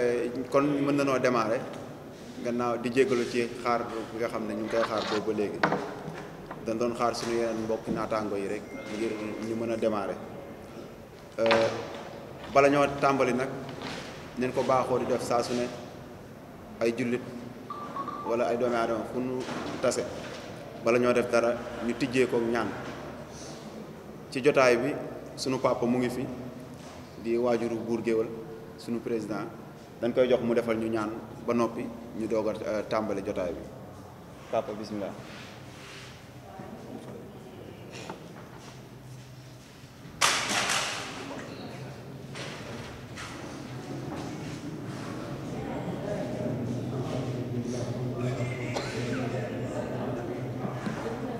Eh, kon mën na noo démarrer gannaaw di jégalu ci xaar bi nga xam ne ñu ngi koy xaar boobu ba léegi dañ doon xaar suñu yeneen mbokk naataango yi rek ngir ñu mën a démarrer eh, bala ñoo tàmbali nag neen ko baaxoo di def saa su ne ay jullit wala ay doomi aadama fu tase bala ñoo def dara ñu tijjee ko ñaan ci jotaay bi sunu papa mu ngi fi di waajuru buur géwal sunu président dañ koy jox mu defal ñu ñaan ba noppi ñu doog a euh, tàmbali jotaay bi papa bismillah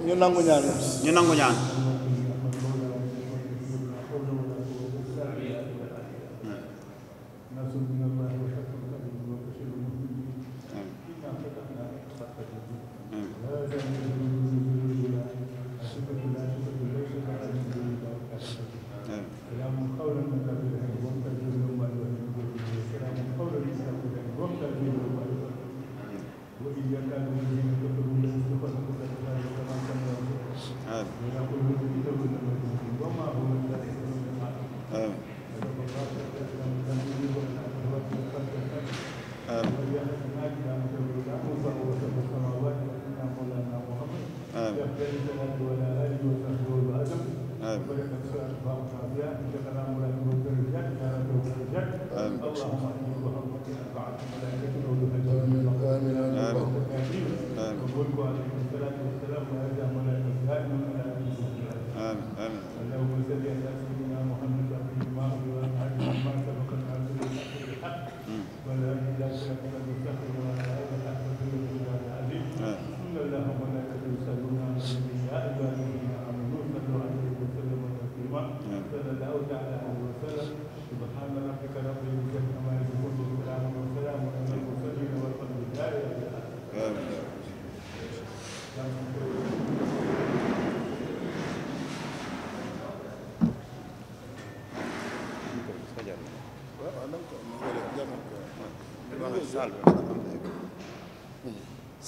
ñu nangu ñaan ñu nangu ñaan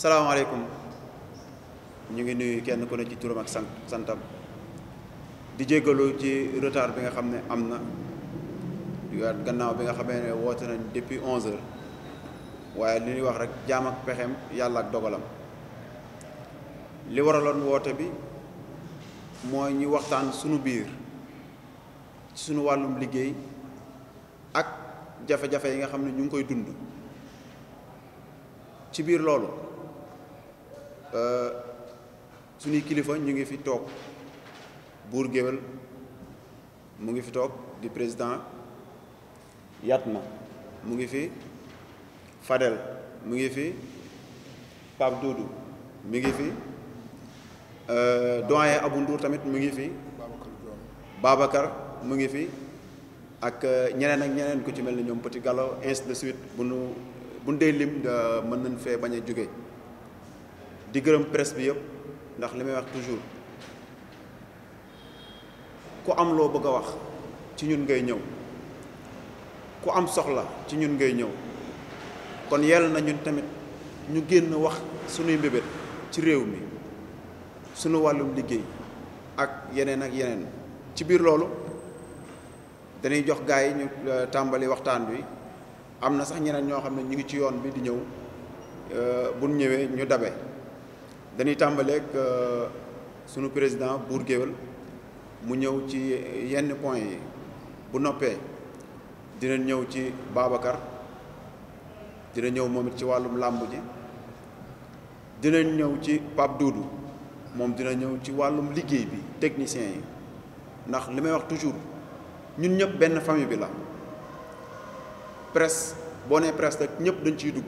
salaamaaleykum ñu ngi nuyu kenn ku ne ci turam ak sant santam di jéggalu ci retard bi nga xam ne am na gannaaw bi nga xamee ne woote nañ depuis onze heures waaye li ñuy wax rek jaam ak pexeem yàlla ak dogalam li waraloon woote bi mooy ñu waxtaan sunu biir sunu wàllum liggéey jafe-jafe yi nga xam ne ñu ngi koy dund ci biir loolu euh, suñuy kilifa ñu ngi fi toog buur géwél mu ngi fi toog di président Yatma mu ngi fi Fadel mu ngi fi Pape Doudou mu ngi fi euh, doyen abu Ndour tamit mu ngi fi Babacar mu ngi fi ak euh, ñeneen ak ñeneen ku ci mel ni ñoom Petit Gallo ainsi de suite bu nu bu nu dee lim mën nañ fee bañ a jóge di gërëm presse bi yëpp ndax li may wax toujours ku am loo bëgg a wax ci ñun ngay ñëw ku am soxla ci ñun ngay ñëw kon yàlla na ñun tamit ñu génn wax sunuy mbébét ci réew mi sunu wàllum liggéey ak yeneen ak yeneen ci biir loolu. dañuy jox gars yi ñu euh, tàmbali waxtaan bi am na sax ñeneen ñoo xam ne ñu ngi ci yoon bi di ñëw euh, bu ñu ñëwee ñu dabe dañuy tàmbaleeg euh, sunu président Bour Guéweul mu ñëw ci yenn point yi bu noppee dina ñëw ci Babacar dina ñëw moom ci wàllum làmb ji dina ñëw ci Pape Doudou moom dina ñëw ci wàllum liggéey bi technicien yi ndax li may wax toujours. ñun ñëpp benn famille bi la presse boo nee presse rek ñëpp dañ ciy dugg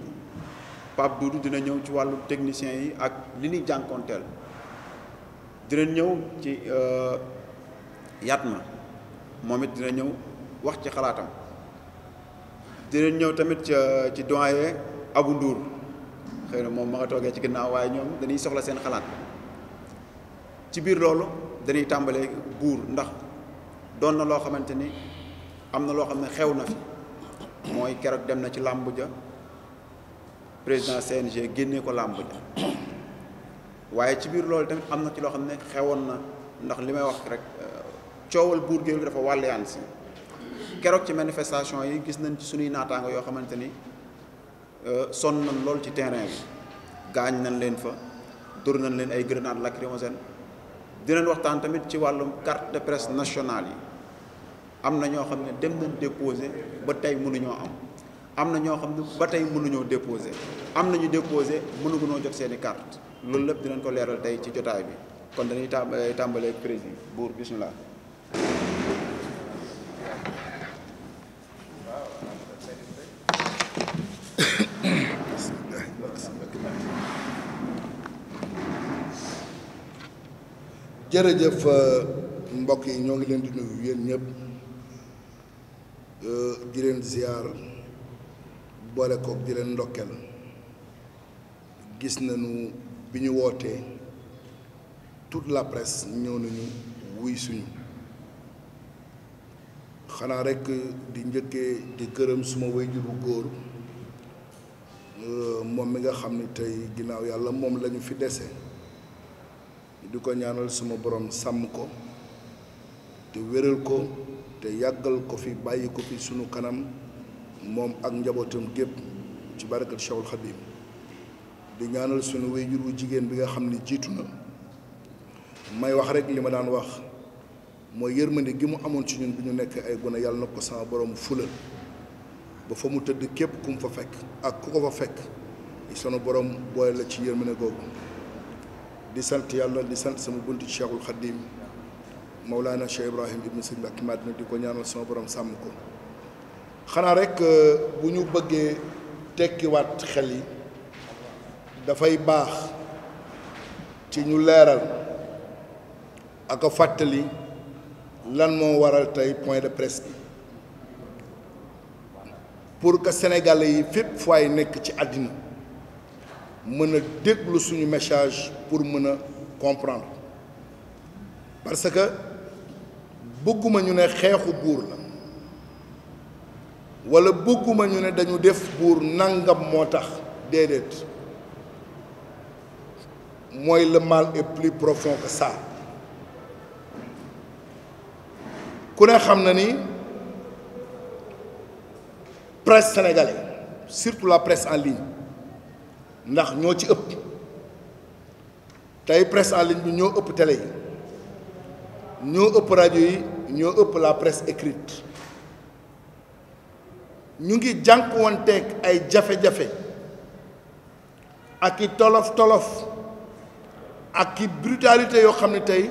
Pape Doudou dina ñëw ci wàllu technicien yi ak li ñuy jànkoonteel dina ñëw ci euh, Yatma moom it dina ñëw wax ci xalaatam dina ñëw tamit ca euh, ci doyen Abou Ndour xëy na moom ma nga toogee ci ginnaaw waaye ñoom dañuy soxla seen xalaat ci biir loolu dañuy tàmbalee buur ndax doon na loo xamante ni am na loo xam ne xew na fi mooy keroog dem na ci làmb ja président CNG génne ko làmb waaye ci biir loolu tamit am na ci loo xam ne xewoon na ndax li may wax rek euh, coowal buur géwél dafa wàlliyaan si keroog ci manifestation yi gis nañ ci suñuy naataango yoo xamante ni euh, sonn nañ lool ci terrain bi gaañ nañ leen fa dóor nañ leen ay grenade lacrymogène dinañ waxtaan tamit ci wàllum carte de presse nationale yi am na ñoo xam ne dem nañ déposé ba tey mënuñoo am am na ñoo xam ne ba tey mënuñoo déposé am nañu déposé mënugunoo jot seen i carte loolu lépp dinañ ko leeral tey ci jotaay bi kon dañuy eh, tàmbalee président buur bismillah jërëjëf euh, mbokk yi ñoo ngi leen di nuyu yéen ñëpp Euh, di leen ziar boole kook di leen ndokkeel gis nañu bi ñu wootee tout la presse ñëw nañu wuy suñu xanaa rekk di njëkkee di gërëm suma waajur bu góor euh, moom mi nga xam ni tey ginnaaw yàlla moom lañu fi dese di ko ñaanal suma boroom sàmm ko te wéral ko te yàggal ko fi bàyyi ko fi sunu kanam moom ak njabootam gépp ci barakat Cheikhul Khadim di ñaanal sunu wéyjur wu jigéen bi nga xam ne jiitu na may wax rek li ma daan wax mooy yërmande gi mu amoon ci ñun bi ñu nekk ay gone yàlla na ko sama borom fula ba fa mu tëdd képp ku mu fa fekk ak ku ko fa fekk sunu borom booy la ci yërmande googu di sant yàlla di sant sama bunt Cheikhul Khadim Mawlana Cheikh Ibrahim ibn Sëñ Mbàkke Madina di ko ñaanal sama borom sàmm ko xanaa rek euh, bu ñu bëggee tekkiwaat xel yi dafay baax ci ñu leeral ak fàttali lan moo waral tey point de presse pour que sénégalais yi fépp fu ay nekk ci àddina mën a déglu suñu message pour mën a comprendre parce que bëgguma ñu ne xeexu buur la walla bëgguma ñu ne dañu def buur nangam moo tax déedéet mooy le mal est plus profond que ku ne xam na ni presse sénégalaise surtout la presse en ligne ndax ñoo ci ëpp tey presse en ligne bi ñoo ëpp télé yi ñoo ëpp rajo yi ñoo ëpp la presse écrite ñu ngi jànq jànkuwanteeg ay jafe-jafe ak i tolof-tolof ak i brutalité yoo xam ne tey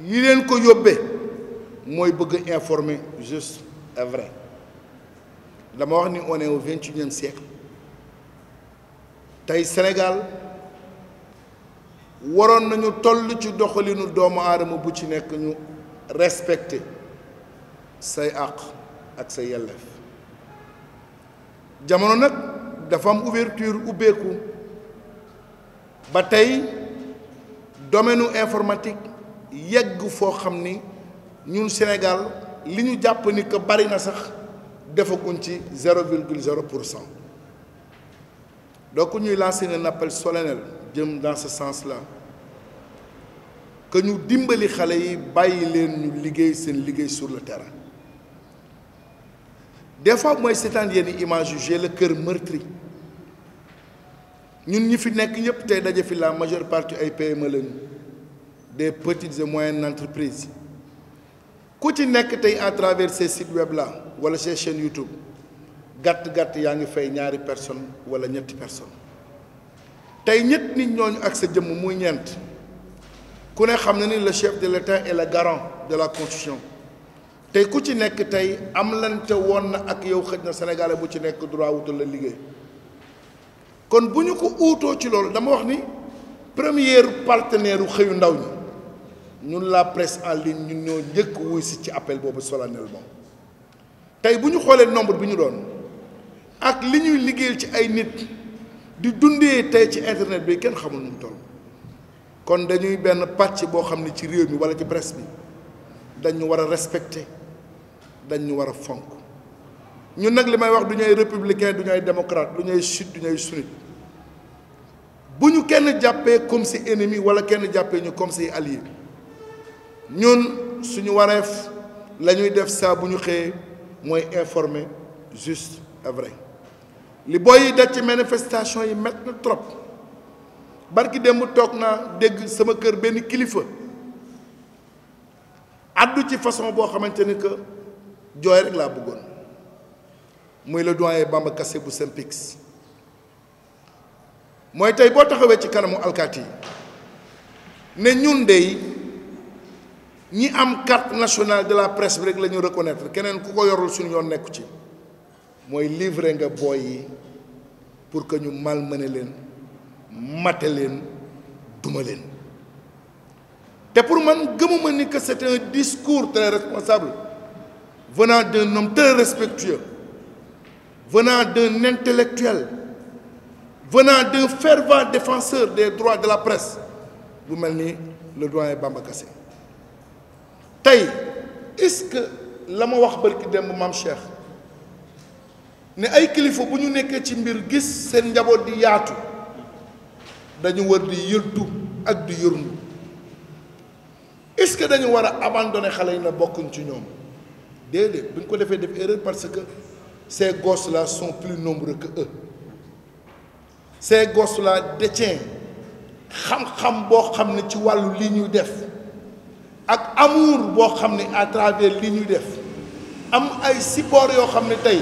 li leen ko yóbbee mooy bëgg informer juste et vrai dama wax ni on est au vingt-et-unième siècle tey Sénégal waroon nañu toll ci doxalinu doomu aadama bu ci nekk ñu respecté say àq ak say yelleef jamono nag dafa am ouverture ubbeeku ba tey domaine informatique yegg foo xam ni ñun Sénégal li ñu jàpp ni que bari na sax defaguñ ci zéro virgule pour cent donc ñuy lancer un appel solennel jëm dans ce sens la que ñu dimbali xale yi bàyyi leen ñu liggéey seen liggéey sur le terrain des fois mooy seetaan yenn image yu j'ai le cœur meurtri ñun ñi fi nekk ñëpp tey daje fi la majeure partie ay PME lañu des petites et moyennes entreprises ku ci nekk tey à travers ces sites web là wala ces chaînes YouTube gàtt-gàtt yaa ngi fay ñaari personne wala ñetti personne tey ñett nit ñooñu ak sa jëmm muy ñeent ku ne xam na ni la chef de l'État et la garant de la constitution tey ku ci nekk tey am lante woon na ak yow xëj na sénégalais bu ci nekk droit wutal la liggéey kon bu ñu ko uutoo ci loolu dama wax ni première partenaire u xëyu ndaw ñi ñun la presse en ligne ñun ñoo njëkk wuy si ci appel boobu solennellement tey bu ñu xoolee nombre bi ñu doon ak li ñuy liggéeyal ci ay nit di dundee tey ci internet bi kenn xamul nu mu kon dañuy benn pàcc boo xam ne ci réew mi walla ci presque bi dañu war a respecter dañu war a fonk ñun nag li may wax du ñuy républicain du ñuy démocrate du ñuy chiite du bu ñu kenn jàppee comme si ennemi walla kenn jàppee ñu comme si allié ñun suñu wareef la ñuy def saa bu ñu xëyee mooy informer juste et li booy yi daj ci manifestation yi met na trop barki démb toog naa dégg sama kër benn kilifa addu ci façon boo xamante ni que jooy rek laa bëggoon muy le doyen Bamba Kassé bu Synpics mooy tey boo taxawee ci kanamu alkaati yi ne ñun dey ñi am carte nationale de la presse bi rek la ñu reconnaître keneen ku ko yorul suñu yoon nekku ci mooy livrer nga booy yi pour que ñu malmené leen mate leen duma leen te pour man gëmuma ni que c'est un discours très responsable venant d'un homme très respectueux venant d'un intellectuel venant de fervent défenseur des droits de la presse bu mel ni le doyen Bamba Kassé tey est-ce que la ma wax barki démb mam Cheikh ne ay kilifa bu ñu nekkee ci mbir gis seen njaboot di yaatu dañu war di yëddu ak di yërndu est-ce que dañu war a abandonné xale yi na bokkuñ ci ñoom déedéet bu ñu ko defee def erreur parce que ces gosses là sont plus nombreux que eux ces gosses là détient xam-xam boo xam ne ci wàllu li ñuy def ak amour boo xam ne à travers li ñuy def am ay support yoo xam ne tey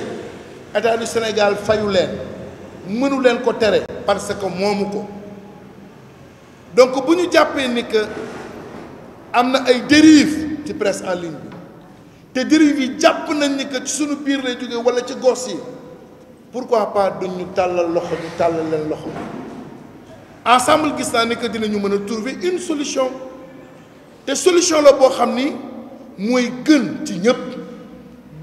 état du Sénégal fayu leen mënu leen ko tere parce que moomu ko donc bu ñu jàppee ni que am na ay dérives ci presse en ligne bi te dérives yi jàpp nañ ni que ci suñu biir lay jógee wala ci gos yi pourquoi pas duñ ñu tàllal loxo ñu tàllal leen loxo ensemble gis naa ni que dinañu mën a trouver une solution te solution la boo xam ni mooy gën ci ñëpp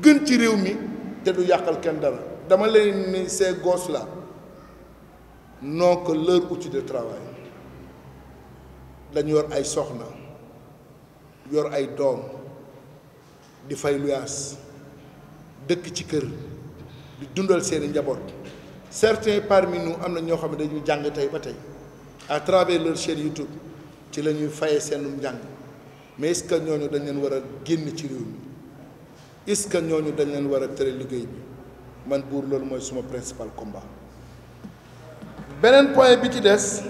gën ci réew mi. te du yàqal kenn dara dama leen ni ces la là n'ont que leur outil de travail dañu yor ay soxna yor ay doom di fay luyaas dëkk ci kër di dundal seeni njaboot certains parmi nous am na ñoo xam ne dañuy jàng tey ba tey à travers leur chaîne YouTube ci la ñuy fayee seenum njàng mais ce que ñooñu dañ leen war a génn ci réew mi est-ce que ñooñu dañ leen war a tere liggéey bi man buur loolu mooy suma principal combat beneen point bi ci des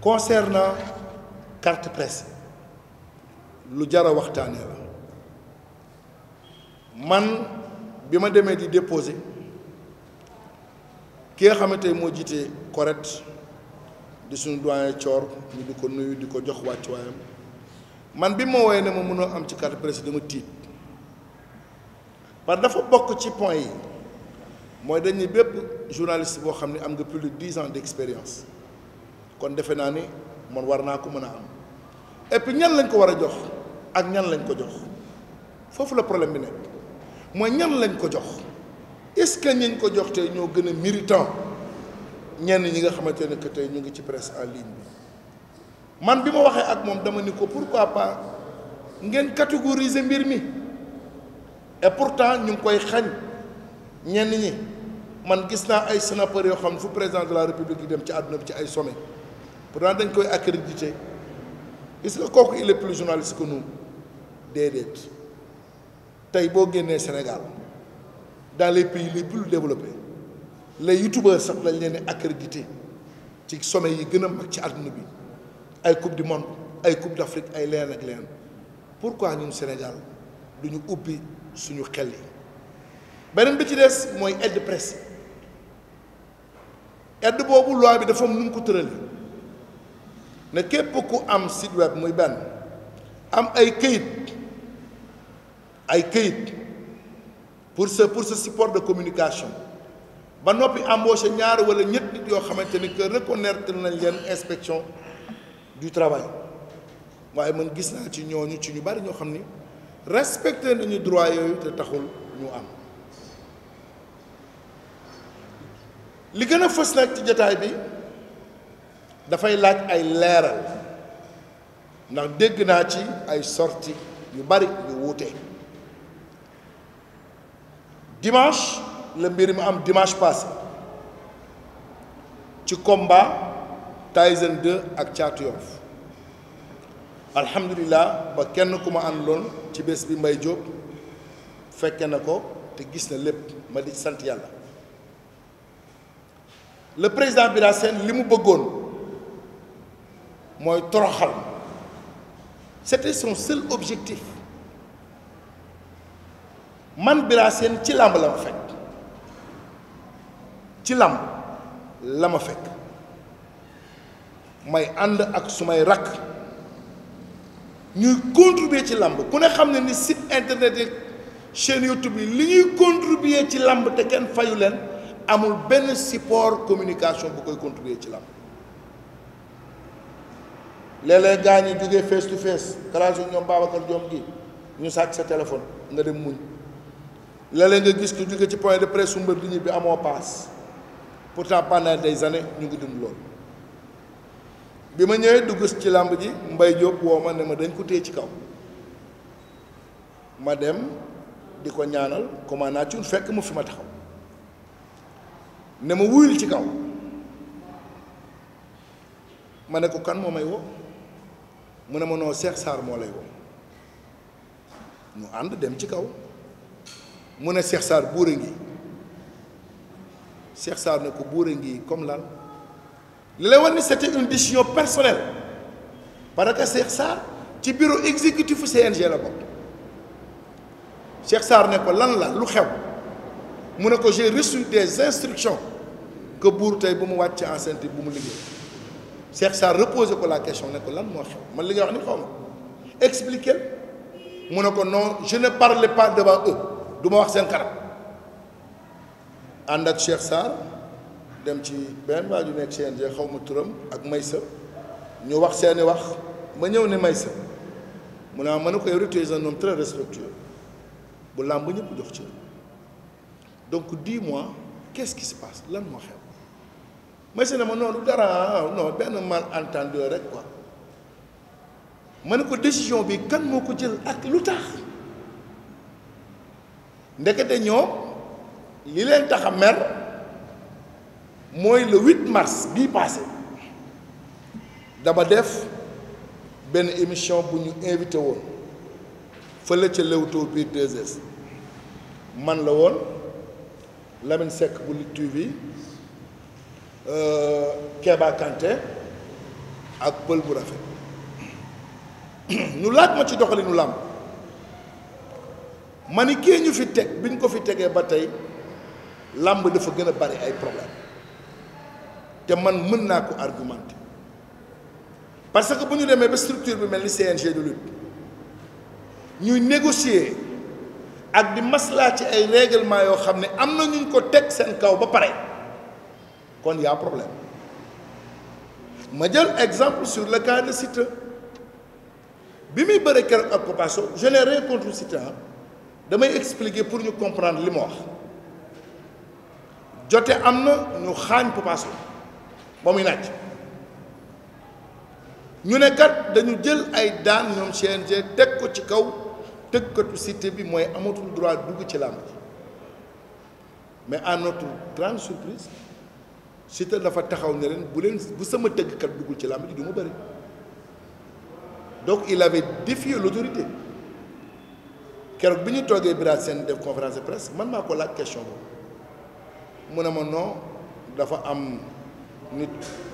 concernant carte presse lu jara waxtaanee la man bi ma demee di déposer ki nga xamante moo jiite correct di suñu doyen coor ñu di ko nuyu di ko jox wàccuwaayam man bi moo wooyee ne ma mënoo am ci carte presse dama tiit parce dafa bokk ci point yi mooy dañuy bépp journaliste boo xam ne am nga plus de dix ans d'expérience kon defe naa ni man war naa ko mën a am et ñan lañ ko war a jox ak ñan lañ ko jox foofu la problème bi nekk mooy ñan lañ ko jox est-ce que ñiñ ko jox tey ñoo gën a méritant ñenn ñi nga xamante ne que tey ñu ngi ci presse en ligne bi. man bi ma waxee ak moom dama ni ko pourquoi pas ngeen catégoriser mbir mi et pourtant ñu ngi koy xañ ñenn ñi man gis naa ay snapper yoo xam fu président de la république yi dem ci àdduna bi ci ay sommet pourtant dañ koy accrédité gis nga kooku il est plus journaliste que nous déedéet tey boo génnee Sénégal dans les pays les plus développés les youtubeurs sax lañ leen accrédité ci sommet yi gën a mag ci àdduna bi ay coupe du monde ay coupe d'Afrique ay leneen ak leneen pourquoi ñun Sénégal duñu ñu ubbi suñu xel yi beneen bi ci des mooy aide de presse aide boobu loi bi dafa am nu mu ko tëralee ne képp ku am site web muy benn am ay këyit ay këyit pour sa pour sa support de communication ba noppi embauché ñaar wala ñett yoo xamante ni que reconnaître nañ leen inspection. du travail waaye man gis naa ci ñooñu ci ñu bari ñoo xam ni respecté nañu droit yooyu te taxul ñu am li gën a fës nag ci jataay bi dafay laaj ay leeral ndax dégg naa ci ay sorti yu bari yu wuute dimanche la mbir mi am dimanche passé ci combat Tyson 2 ak Caatu Yoff ba kenn ku ma àndaloon ci bés bi Mbaye Diop fekke na ko te gis na lépp ma di sant yàlla le président Bira Sène li mu bëggoon mooy toroxal c'était son seul objectif man Bira Sène ci làmb la ma fekk ci làmb la ma fekk may ànd ak su may rakk ñuy contribuer ci làmb ku ne xam ne ni site internet yi chaîne YouTube yi li ñuy contribuer ci làmb te kenn fayu leen amul benn support communication bu koy contribuer ci làmb léeg-léeg gaa ñi jógee face to face classe yu ñoom Babacar Diom gi ñu sàcc sa téléphone nga dem muñ léeg-léeg nga gis ku jóge ci point de presse su mbër di ñibbi amoo paas pourtant pendant des années ñu ngi dund loolu bi ma ñëwee dugg ci làmb ji mbay Diop woo ma ne ma dañ ko téye ci kaw ma dem di ko ñaanal commandant Thioune fekk mu fi ma taxaw ne ma wuyul ci kaw ma ne ko kan moo may woo mu ne ma noo Cheikh Sarr moo lay woo ñu ànd dem ci kaw mu ne Cheikh Sarr buure ngi Cheikh Sarr ne ko buure ngi comme lan li lay wan ni c'était une décision personnelle parce que Cheikh Sarr ci bureau exécutif CNG la bokk Cheikh Sarr ne ko lan la lu xew mu ne ko j'ai reçu des instructions que buur tey bu mu en enceinte bu mu liggéey Cheikh Sarr reposé ko la question ne ko lan moo xew man li nga wax ni xaw ma expliquer mu ne ko non je ne parle pas devant eux du ma wax seen kanam ànd ak Cheikh Sarr dem ci benn waa ju nekk CNG xaw ma turam ak Maysa ñu wax seeni wax ma ñëw ne Maysa mu ne ma ne ko yow tu es un homme très respectueux bu làmb ñëpp jox ci donc di mois qu'est-ce qui se passe lan moo xew Maysa ne ma noonu dara non benn malentendu rek quoi ma ne ko décision bi kan moo ko jël ak lu tax ndekete ñoom li leen tax mer. mooy le 8 mars bii passé dama def benn émission bu ñu invité woon fële ca Leewtoo biir 2 man la woon Lamine Seck bu Lutte TV euh, Keba ak Pël bu rafet ñu laaj ma ci doxalinu làmb ma ni kii ñu fi teg bi ñu ko fi tegee ba tey làmb dafa gën a bari ay problème te man mën naa ko argumenter parce que bu ñu demee ba structure bi mel ni CNG de lutte ñuy négocier ak di maslaa ci ay règlement yoo xam ne am na ñu ko teg seen kaw ba pare kon y a problème ma jël exemple sur le cas de Siteu bi muy bëre keroog ak Papa Sow je n'ai rien contre damay expliquer pour ñu comprendre li ma wax jote am na ñu xaañ Papa ba muy naaj ñu ne kat dañu jël ay daan ñoom CNG teg ko ci kaw tëggkatu cité bi mooy amatul droit dugg ci làmb ji mais en notre grande surprise cité dafa taxaw ne leen bu leen bu sama tëggkat duggul ci làmb ji du ma bëri donc il avait défié l'autorité keroog bi ñu toogee biraat seen def conférence de presse man maa ko laaj question boobu mu ne ma non dafa am. nit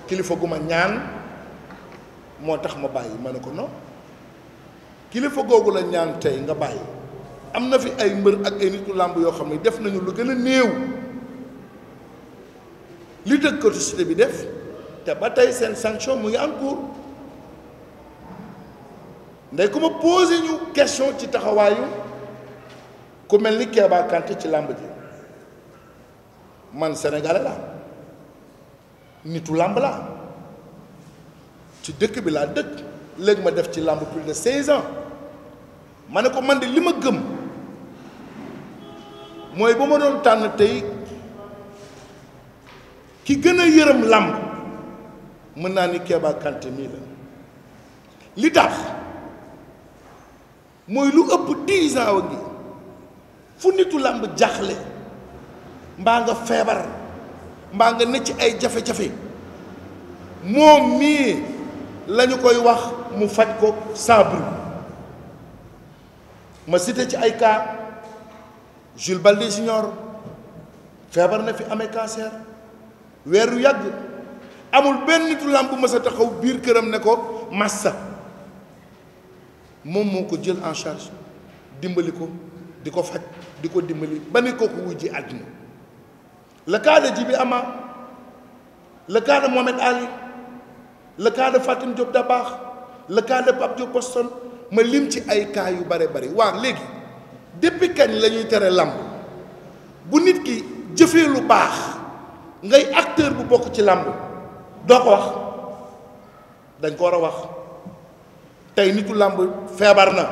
kilifa gu ma ñaan moo tax ma bàyyi ma ne ko non kilifa googu la ñaan tey nga bàyyi am na fi ay mbër ak ay nitu làmb yoo xam ne def nañu lu gën a néew li dëkkatu cité bi def te ba tey seen sanction mu ngi en cours ndey ku ma posé ñu question ci taxawaayu ku mel ni Kéba ci làmb ji man sénégalais la nitu làmb la ci dëkk bi laa dëkk léegi ma def ci làmb plus de seize ans ma ne ko man de li ma gëm mooy ba ma doon tànn tey ki gën a yërëm làmb mën naa ni Keba Kanté mii la li tax mooy lu ëpp dix ans wa ngi fu nitu làmb jaxle mbaa nga feebar mbaa nga ne ci ay jafe-jafe moom mii lañu koy wax mu faj ko sans bruit ma cité ci ay cas Jules Balde Junior feebar na fi amee weer weeru yàgg amul benn nitu làmb bu mës taxaw biir këram ne ko massa moom moo ko jël en charge dimbali ko di ko faj di ko dimbali ba ni kooku wujji àdduna la cas de Djibi Ama le cas de Mohamed Ali la cas de Fatim Diop Dabakh la cas de Pape Diop ma lim ci ay cas yu bare bari waa léegi depuis kañ lañuy tere làmb bu nit ki jëfee lu baax ngay acteur bu bokk ci làmb doo ko wax dañ ko war a wax tey nitu làmb feebar na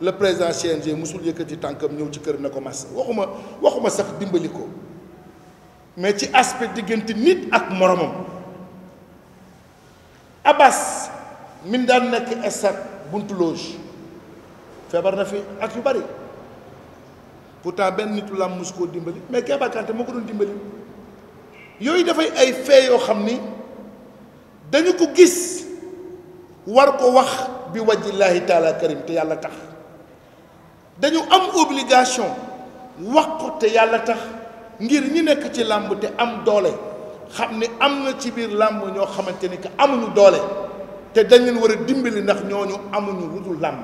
le président CNG musul yëkkati tànkam ñëw ci kër ne ko mas waxuma waxuma sax dimbali ko mais ci aspect diggante nit ak moromam Abbas min daan nekk estat buntu loge feebar na fi ak yu bari pourtant benn nitu làmb mosu dimbali mais Keba Kanté moo ko doon dimbali yooyu dafay ay fee yoo xam ni dañu ko gis war ko wax bi wajjillaahi taala karim te yàlla tax dañu am obligation wax ko te yàlla tax ngir ñi nekk ci làmb te am doole xam ni am na ci biir làmb ñoo xamante ni que amuñu doole te dañ leen war a dimbali ndax ñooñu amuñu lu dul làmb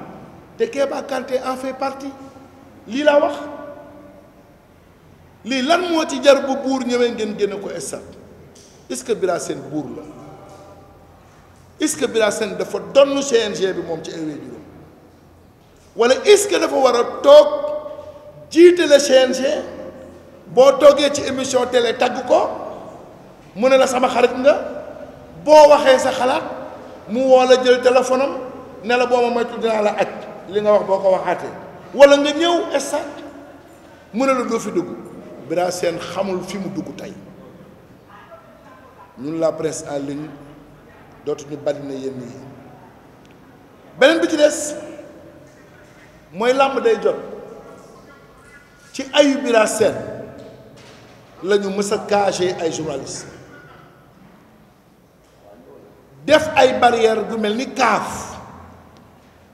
te Keba en fait partie lii laa wax lii lan moo ci jar bu buur ñëwee ngeen génne ko estat est-ce que Bira Sène buur la est-ce que Bira Sène dafa donn CNG bi moom ci ay juróom wala est-ce que dafa war a toog jiite la CNG. boo toogee ci émission télé tagg ko mu ne la sama xarit nga boo waxee sa xalaat mu woo la jël téléphone nela ne la boo ma dinaa la aj li nga wax boo ko waxaatee wala nga ñëw estat mu ne la doo fi dugg Bira Sène xamul fi mu dugg tey ñun la presse en ligne dootuñu bari na yenn yi beneen bi ci des mooy làmb day jot ci ayu Bira Sène lañu ñu mës a cagé ay journaliste def ay barrière gu mel ni kaaf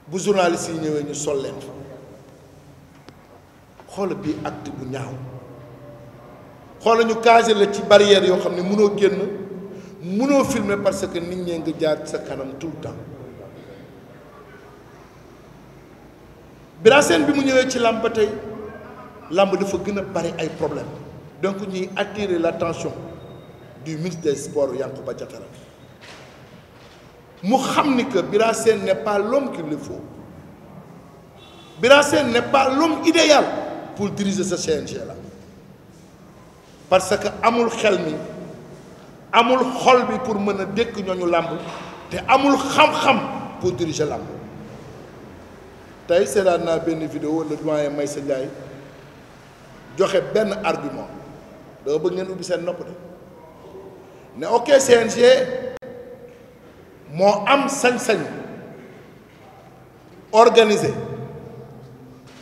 bu journaliste yi ñëwee ñu sol leen xool bii acte bu ñaaw xoola ñu cagé la ci barrière yoo xam ne mënoo génn mënoo filmer parce que nit ñee nga jaar sa kanam tout le temps Bira bi mu ñëwee ci làmb tey làmb dafa gën a bari ay problème donc ñuy attirer l'attention du ministre des ba Yankhoba Diattara mu xam ni que Bira Sène n'est pas l'homme qu'il le faut Bira Sène n'est pour diriger sa CNG la parce que amul xel mi amul xol bi pour mën a dékk ñooñu làmb te amul xam-xam pour diriger làmb tey seetaan naa benn video vidéo le may Maysa Ndiaye joxe benn argument dama bëgg ngeen bu seen nopp de ne ok CNG moo am sañ-sañ organiser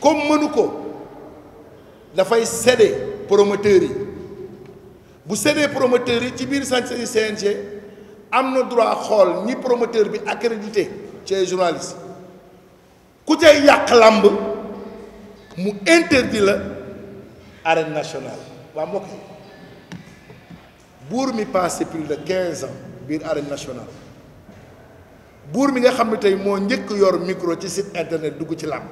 comme mënu ko dafay céder promoteurs yi bu cédé promoteur yi ci biir sañ sañu CNG am na droit xool ni promoteur bi accrédité ci ay journaliste ku cay yàq làmb mu interdit la arène nationale waa mbokk yi buur mi passé plus de quinze ans biir arène nationale buur mi nga xam ni tey moo njëkk yor micro ci site internet dugg ci làmb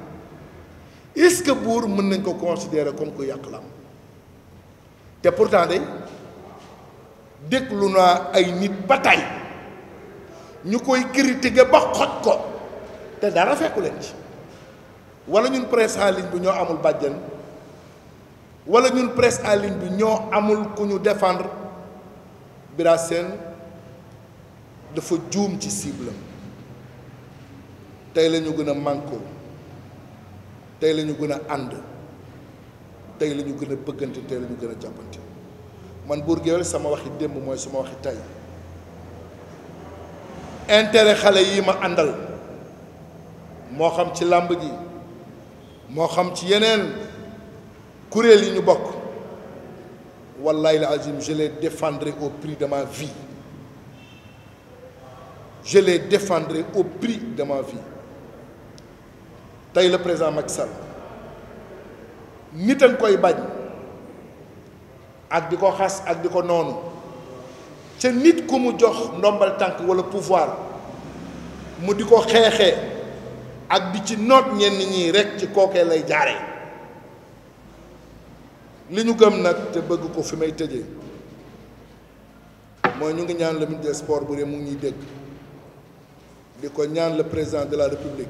est-ce que buur mën nañ ko considérer comme ku yàq làmb te pourtant day déglu naa ay nit ba tey ñu koy critiquer ba xoj ko te dara fekku leen ci wala ñun presse en ligne bi ñoo amul bàjjan wala ñun presse en ligne bi ñoo amul ku ñu défendre Bira Sène dafa juum ci cible tey la ñu gën a mànkoo tey lañu ñu gën a ànd tey la ñu gën a bëggante tey la ñu gën a jàppante man buur géwél sama waxi démb mooy suma waxi tey intérêt xale yi ma àndal moo xam ci làmb gi moo xam ci yeneen kuréel yi ñu bokk wallahi l'azim, je les défendrai au prix de ma vie. Je les défendrai au prix de ma vie. tey le président Macky Sall nit a koy bañ ak di ko xas ak di ko noonu ca nit ku mu jox ndombal tànk walla pouvoir mu di ko xeexee ak bi ci noot ñenn ñi rekk ci kookee lay jaaree. li ñu gëm nag te bëgg ko fi may tëjee mooy ñu ngi ñaan le ministre des sports bu dee mu ngi ñuy dégg di ko ñaan le président de la république